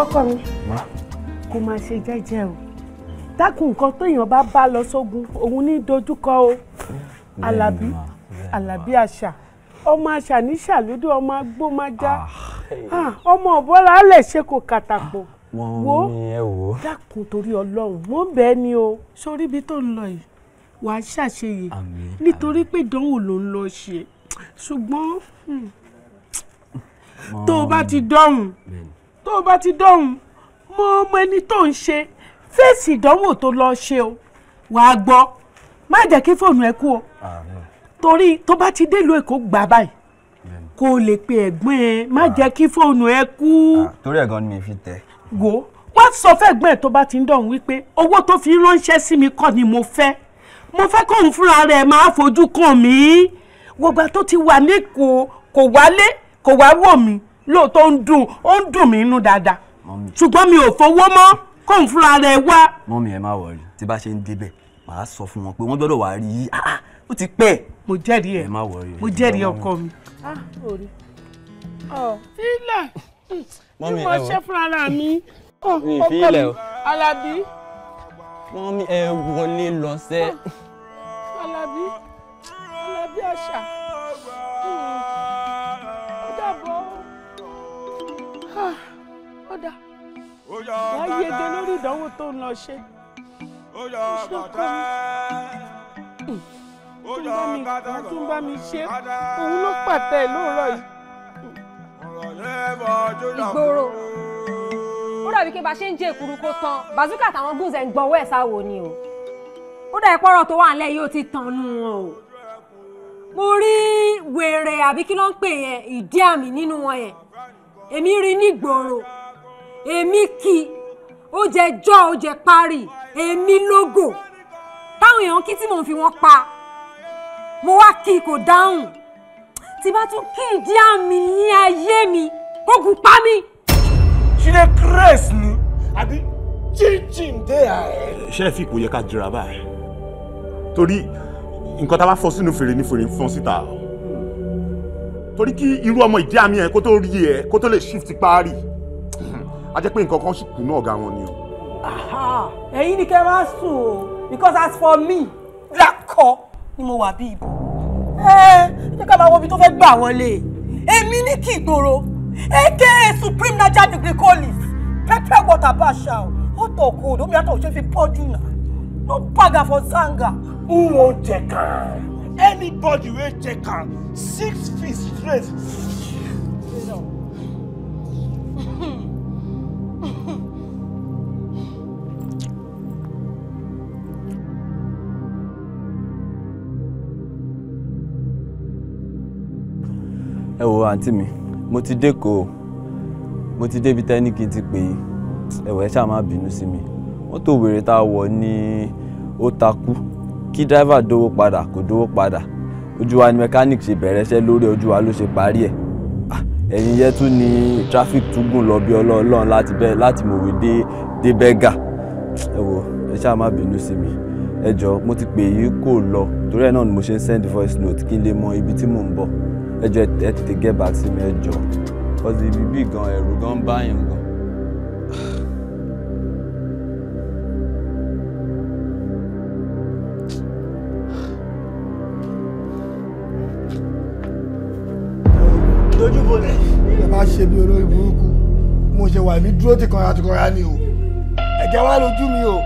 ọkọ mi kò máa ṣe jẹ́jẹ́ o dákun nǹkan téèyàn bá bá lọ sógun òun ní dojúkọ o alábí alábí àṣà ọmọ àṣà ní ṣàlódé ọmọ agbó máa já ah. ọmọ ọ̀bọ́ra á lè ṣe kò kàtàpọ̀ ah, wo dákun torí ọlọ́run mo ń bẹ́ẹ̀ ni o sórí ibi tó ń lọ yìí wàá ṣàṣeyè nítorí pé ìdánwò ló ń lọ ṣe ṣùgbọ́n hmm, tó o bá ti dọ́hùn tó o bá ti dọ́hùn mo mọ ẹni tó ń ṣe fèsì ìdánwò tó lọ ṣe o wàá gbọ́ má jẹ́ kí fóònù ẹ kú o torí tó bá ti dé ìlú èkó gbà báyìí kó o lè pe ẹ̀gbọ́n ẹ má ah. jẹ́ kí fóònù ẹ kú. Ah, torí ẹ̀gbọ́n ni mi fi tẹ̀. wo wọ́n sọ fún ẹ̀gbọ́n ẹ̀ tó bá ti ń dọ̀hún wípé owó tó fi ránṣẹ́ sí mi kọ́ ni mo fẹ́ mo fẹ́ kóun fúnra rẹ̀ máa fojú kàn mí wọ́gbà tó ti wà ní kò kò wálé kò wá wò mí lóòótọ́ ó ń dùn ó ń dùn mí inú dáadáa ṣùgbọ́n mi ò fowó mọ́ kó n fúnra rẹ̀ wá. mọ́mí ẹ má wọrí tí bá ṣe ń débẹ̀ màá sọ fún wọn pé wọ́n gbọ́dọ̀ wá rí i ah, ah, ó ti pẹ́. mo jẹ́rìí ẹ̀ mo jẹ́rìí ọkọ mi. ilẹ̀ bí mo ṣe fúnra mi ọkọ mi Alábí. mọ́mí ẹ wọlé lọ sẹ́. Alabi, ah, Alabi, àṣà. Hmm. ọ̀dà wà á yege lórí ìdánwò tó ń lọ ṣe iṣẹ́ ọkọ mi tó tún bá mi ṣe òun ló pàtẹ lóòrọ̀ yìí ìgboro ó dàbí kí bá ṣe ń jẹ èkúrú kó tán bazooka àtàwọn gúnzẹ̀ ń gbọ́wọ́ ẹ̀ sáwo ni o ó dàbí pọ́rọ̀ tó wà nílẹ̀ yóò ti tàn nù wọn o mo rí wèrè àbí kí ló ń pè yẹn ìdí àmì nínú wọn yẹn èmi rí nígboro èmi kí ó jẹ jọ ó jẹ parí èmi lógo táwọn èèyàn kí tí mò ń fi wọn pa mo wá kí kò dáhùn tí bá tún kí ìdí àmì ní ayé mi kókùn pa mí. ṣílẹ̀ kírẹ́sì ni àbí jíjìndé ààrẹ. ṣẹ́ẹ̀fì kò yẹ ká jìra báyìí torí nǹkan tá a bá fọ́ sínú fèrè ní fèrè ń fọ́n síta o torí kí irú ọmọ ìdí àmì ẹ kó tó rí ẹ kó tó lè shift parí a jẹ́ pé nǹkan kan sì kù náà ọ̀gá wọn ni o. ẹ̀yin ni kẹ́ máa sùn o because as for me lákọ ni mo wà bí ibò. ẹ ṣé ká máa wo ibi tó fẹ́ gbà wọlé èmi ní kí ìgboro aka supreme naija degree college pepper water basha o hot or cold omi àtọ̀ ṣe fi pọ́jú náà no bag for zanga. n ò jẹ kàn anybody wey take am six feet straight. ẹ wo àǹtí mi mo ti dẹ́kọ̀ o mo ti débi tẹ́níkì ti pè yín ẹ̀wọ̀ ẹ ṣáà má bínú sí mi mọ́tò wèrè tá a wọ̀ ni ó takú kí driver dówó padà kò dówó padà ojú wa ni mechanic ṣe bẹ̀rẹ̀ iṣẹ́ lórí ojú wa ló ṣe parí ẹ̀ ah, ẹ̀yìn yẹn tún ni traffic tún gùn lọ bí ọlọ́ọ̀lọ́ọ̀ láti bẹ́ẹ̀ láti mòwe dé dé bẹ́gà ẹ wo ẹ ṣáà má bínú sí mi ẹ jọ mo ti pè yí kò lọ torí ẹ náà ni mo ṣe ń send voice note kí n lè mọ ibi tí mò ń bọ̀ ẹ jọ ẹ tètè get back sí mi ẹ jọ cause ibi bí gan ẹ̀rù gan báyìí gan. ṣe bí olórí burúkú mo ṣe wà mí dúró ti kanra ti kanra ni o ẹ̀jẹ̀ wá lójú mi o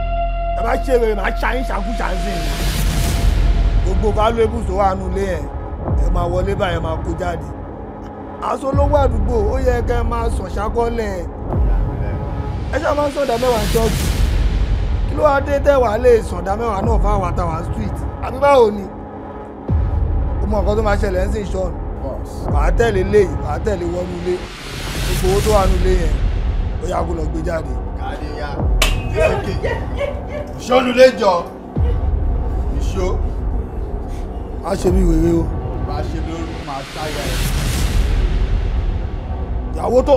ẹ ṣe rere màá ṣàyín ṣàkúṣà ń sìn gbogbo valuables tó wà nù lé yẹn ẹ máa wọlé báyìí máa kó jáde aṣọ olówó àdúgbò ó yẹ kẹ́ ẹ máa sàn ṣàkọọ́lẹ̀ ẹ ṣáà máa ń sọ̀dà mẹ́wàá ṣọ́ọ̀ṣì kí ló wá dé tẹ́wàá lè sọ̀dà mẹ́wàá náà fáwọn àtàwà street àbí báwo ni ó mọ nǹkan tó máa ṣẹlẹ̀ ń sìn ṣọ́ọ̀nù wàá tẹ̀lé léyìí wàá tẹ̀lé wọnú ilé owó tó wà nílé yẹn ó yá kó lọ gbé jáde. káàdì ya ìṣọ́nu lè jọ ìṣó. a ṣe bí wèrè o. bá a ṣe lórí màá ṣáyà ẹ̀. ìyàwó tó.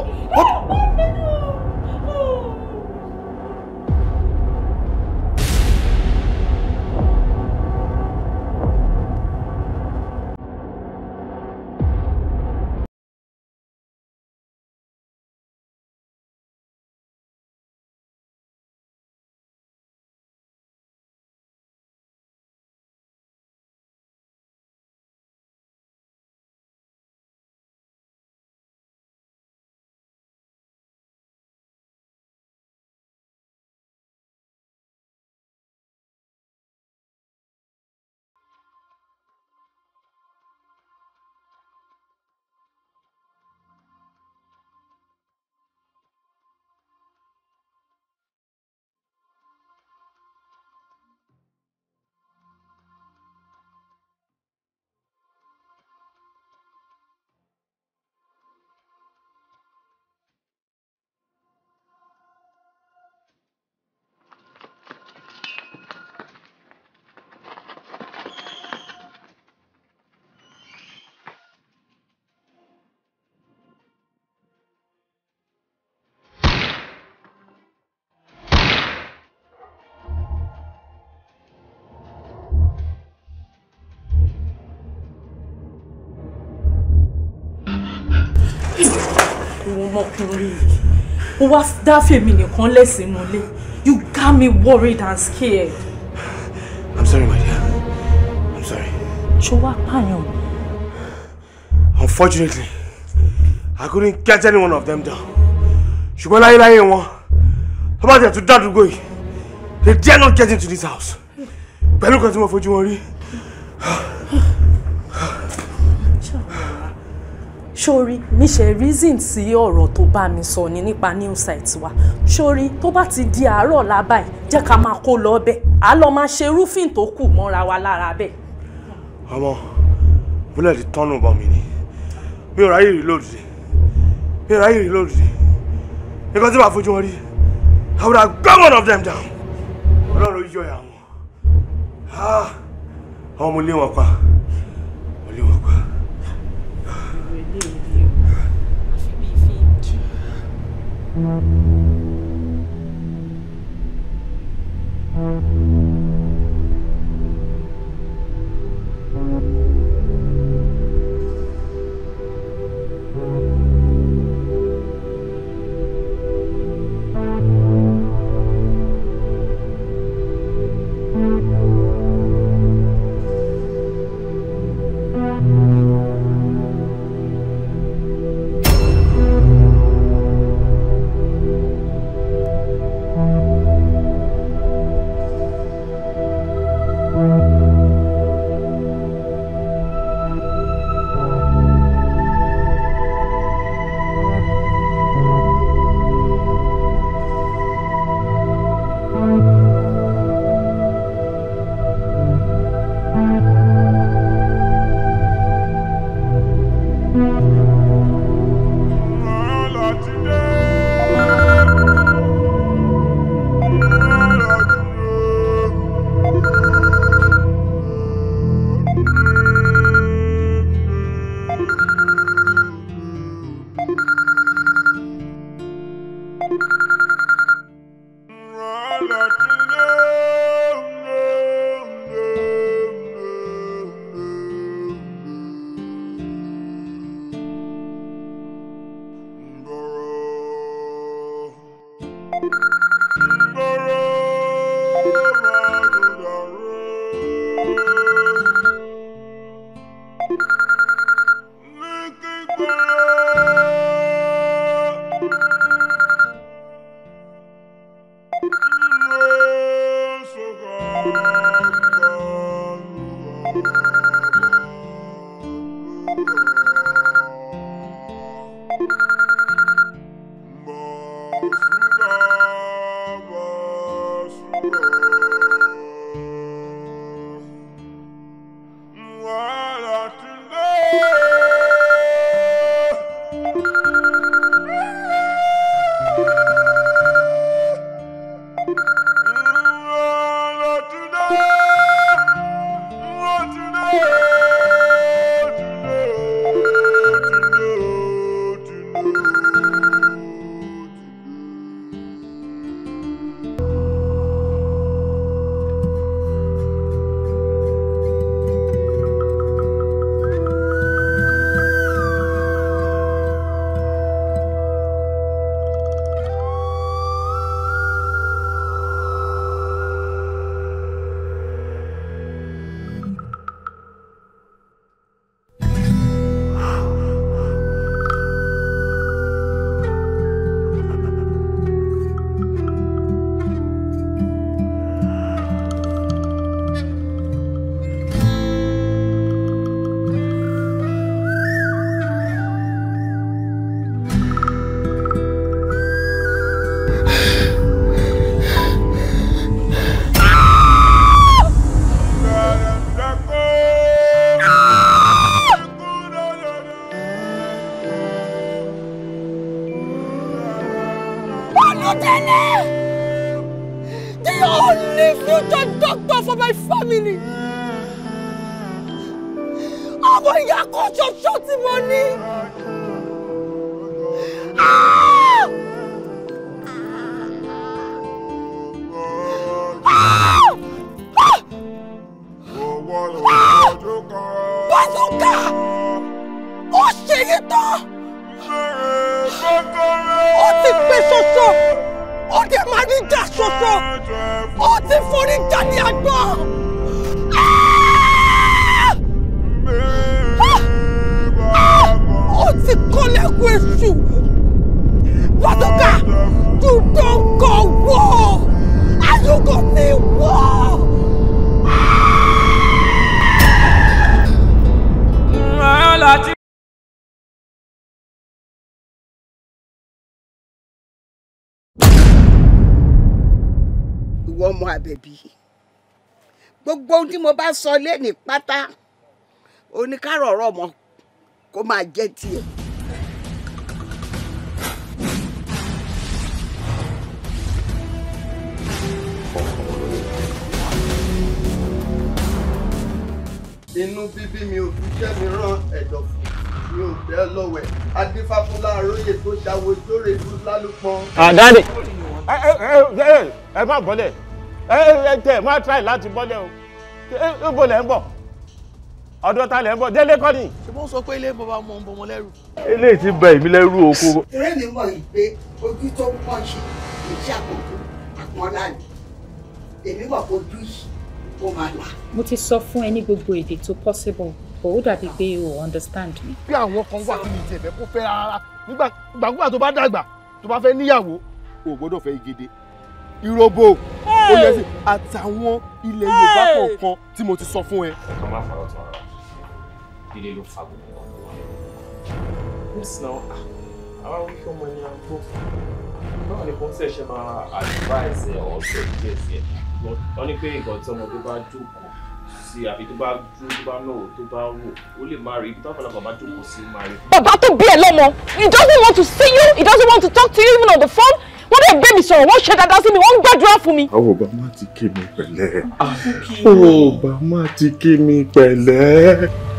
ọmọkùnrin yìí wá dá fèmí nìkan lẹ́sìn nílé you got me worried and scared. I'm sorry my dear I'm sorry. ṣó wá pààyàn. Unfortunately I couldn't get any one of them down ṣùgbọ́n láyéláyé wọn wọ́n bá tẹ̀ tún dádúgbò yìí they dare not get into this house pẹ̀lú kan tí mo fojú wọn rí. sórí níṣẹ́ reason sí ọ̀rọ̀ tó bá mi sọ ni nípa new site wa sórí tó bá ti di àárọ̀ lábà yìí jẹ́ ká máa kó lọ bẹ́ẹ̀ á lọ máa ṣe rúfin tó kù mọ́ra wa lára bẹ́ẹ̀. ọmọ búlẹ̀ ti tọ́nù bọ̀ mí ni mi ò ráyè rí lòdì mi ò ráyè rí lòdì nǹkan tí màá fojú wọn rí I would have gone one of them down ọlọ́run yọ ẹ̀ ah, àwọn ọmọ ilé wọn pa. Thank you. ìwọ ọmọ àbẹ̀bí gbogbo ohun tí mo bá sọ lẹ́nì pátá oníkàrọ̀ ọ̀rọ̀ ọmọ kó máa jẹ́ tiẹ̀. inú bíbí mi ò fi jẹ́ mi rán ẹ̀dọ̀fù mi ò bẹ́ẹ̀ lọ́wẹ̀ adífáfúnlá aróyè tó ṣàwòjórè ìlú lálùpọ̀. àdáni ah, ẹ ẹ ẹ ẹ má bọ́lẹ̀ ẹ máa try láti bọ́lẹ̀ o ẹ bò lẹ́ ń bọ̀ ọ̀dọ̀ ta lẹ́ ń bọ̀ délé kọ́ ni. ṣé wọ́n sọ pé ilé bàbá ọmọ ń bọmọ lẹ́rù. eléyìí ti bẹ èmi lẹ́rù oko. eré mi mọ̀ yìí pé ojú tó ń pọ̀ ṣe iṣẹ́ àkókò àpọ́nlá ni èmi wà ojú yìí ó máa là. mo ti sọ fún ẹ ní gbogbo èdè tó possible kò ó dàbí pé o understand me? bí àwọn kan wà kí mi tẹ̀fẹ́ kó fẹ́ rárá nígbàkúgbà tó bá dàgbà tó bá fẹ́ níyàwó o gbọ́dọ̀ fẹ́ igede ìròbò oyè sí àtàwọn ilẹ̀ yorùbá kọ̀ọ̀kan tí mo ti sọ fún ẹ. kàn má fọ̀rọ̀ tọ̀rọ̀ ilé ló fa gbogbo wa. yes na ah, àwa wí kí ọmọ yẹn gbọ́ báwo ni bọ́sẹ̀ ṣe máa advise ẹ̀ ọ̀ṣọ́ díẹ̀ sí ẹ̀ wọ́n ní pé nǹkan tí ọmọ tó bá jókòó sí àbí tó bá dúró tó bá náwó tó bá wò ó lè má rí ibi táwọn àgbà bá jókòó sí má rí. bàbá tó bí ẹ lọ́mọ he doesn't want to see you he doesn't want to talk to you even on the phone wọ́n dẹ̀ bẹ́ mi sọ̀rọ̀ wọ́n ṣe dáadáa sí mi wọ́n ń gbàdúrà fún mi. àwọn ọba máa ti kí mi pẹ̀lẹ́ ah, àwọn ọba máa ti kí mi pẹ̀lẹ́.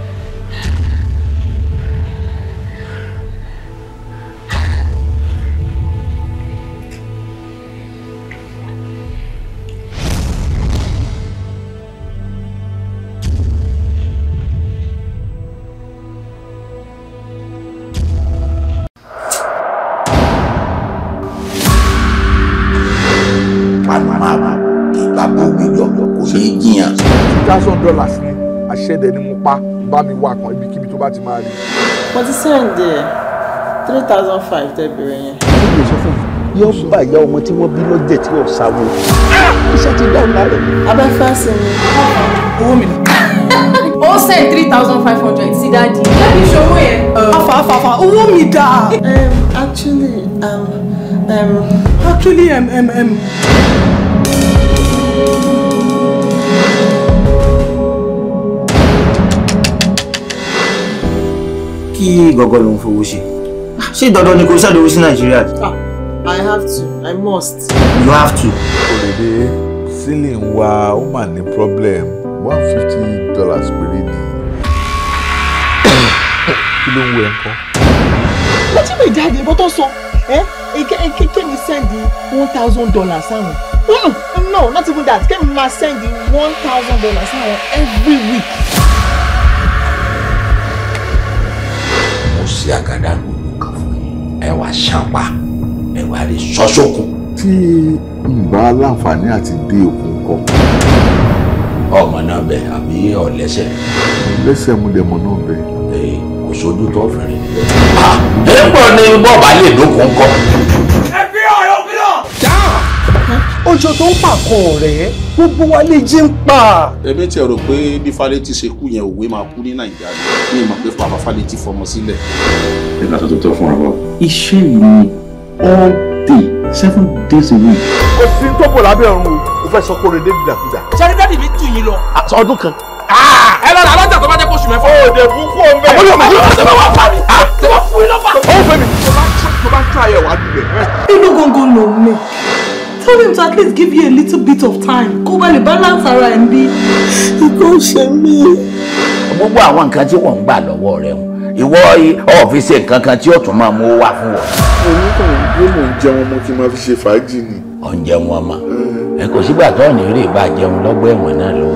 bá mi wà kan ibikíbi tó bá ti máa rí. mo ti sẹ́ǹdì ẹ̀ eh, three thousand five tẹ́ bèrè yẹn. ó lè sọ fún mi yóò bá ìyá ọmọ tí wọ́n bí lọ́jẹ̀ tí wọ́n sáwó iṣẹ́ ti dá ọ̀la rẹ̀. abẹ́fẹ́ sí mi. owó mi ó send three thousand five hundred sí dáàdi. dáàdi ṣòwò yẹn. afa afa afa owó mi dà. actually um, um, actually um, um, um. kí gọ́gọ́ ló ń fowó ṣe ṣé dandan ni kò sáré owó sí nàìjíríà. Ah, I have to I must. You have to. òdèdè ceiling wa ó mà ní problem one fifty dollars péré ni kí ló ń wo ẹ̀ ń kọ́. wọ́n ti bẹ̀ jáde bó tó sọ ẹ kémi send one thousand dollars sáwọn hmm, no not even that kémi máa send one thousand dollars sáwọn every week. sí àgàdà lòlù kan fún yín ẹ wá ṣàpá ẹ wá rí sọ́sọ́kùn. tí ìbá láǹfààní àti dé òkun kọ. ọmọ náà bẹ àbí ọ̀lẹ́sẹ̀. ọ̀lẹ́sẹ̀ mo lè mọ náà bẹ. kò sódù tó fẹ́rẹ̀. ẹ pọ̀ ní bọ́ọ̀bà lè dókun kọ ọjọ́ tó ń pàkọ ọ̀rẹ́ gbogbo wa lè jí ń pa. ẹbí tí ẹ rò pé bí Fálétí ṣe kú yẹn òwe máa kú ní nàìjíríà ní ìmọ̀ pé bàbá Fálétí fọmọ sílẹ̀. ẹ bá tọ́tọ́ fún ọ. iṣẹ́ yìí ni all day seven days a week. kò sí tóbò lábẹ́ ọ̀run o fẹ́ sọ kóre débi sẹ́ni dádì mi tù yín lọ. ọdún kan. ẹ lọ alájà tó bá jẹ́ kó sùn mẹ́fọ́. òde kúkú ọmọ ẹ̀. àwọn yóò máa ń sọ wá fà mí. Ah. ṣé fún iná fà. ó fẹ́ mi. tó bá tó bá tó ayẹ̀wò Tell him to at least give you a little bit of time. Go bá the balance ara He bí. send me. mí. Gbogbo àwọn nǹkan tí wọ́n ń gbà lọ́wọ́ rẹ̀ ń ìwọ ọ̀fíìsì nǹkan kan tí ó tún máa mú wá fún wọn. èmi kò ní bí mò ń jẹun ọmọ tí màá fi ṣe fàájì ni. ọ̀ ń jẹun ọmọ eh. ẹ kò sígbà tó ní rí ìbá jẹun lọ́gbọ́ ẹ̀wọ̀n náà lọ.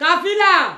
kàfílà.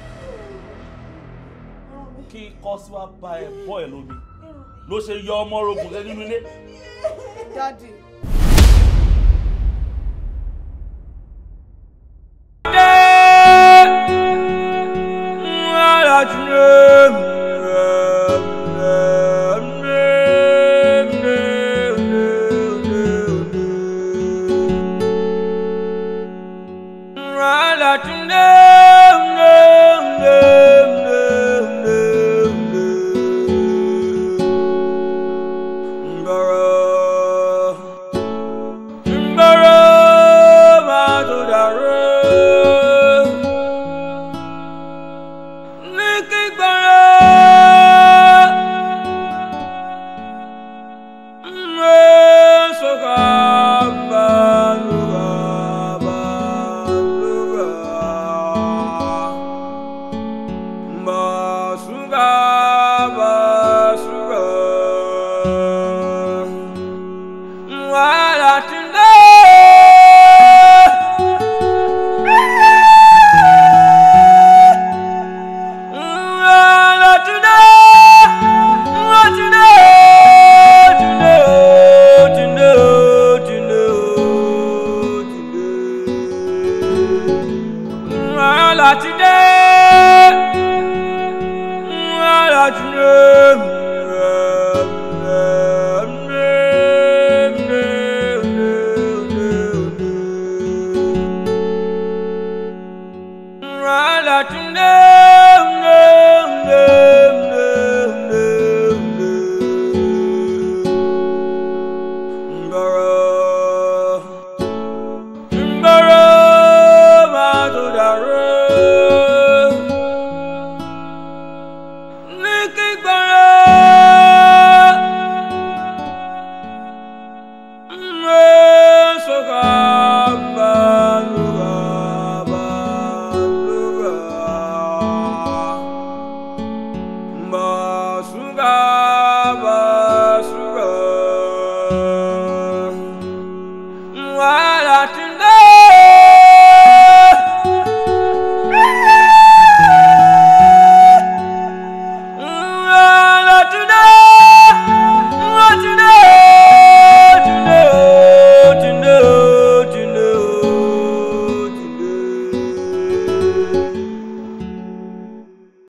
kí kọ́síwá bá ẹ bọ́ ẹ lómi ló ṣe yọ ọmọ orogun lẹ́nu nílé. dádì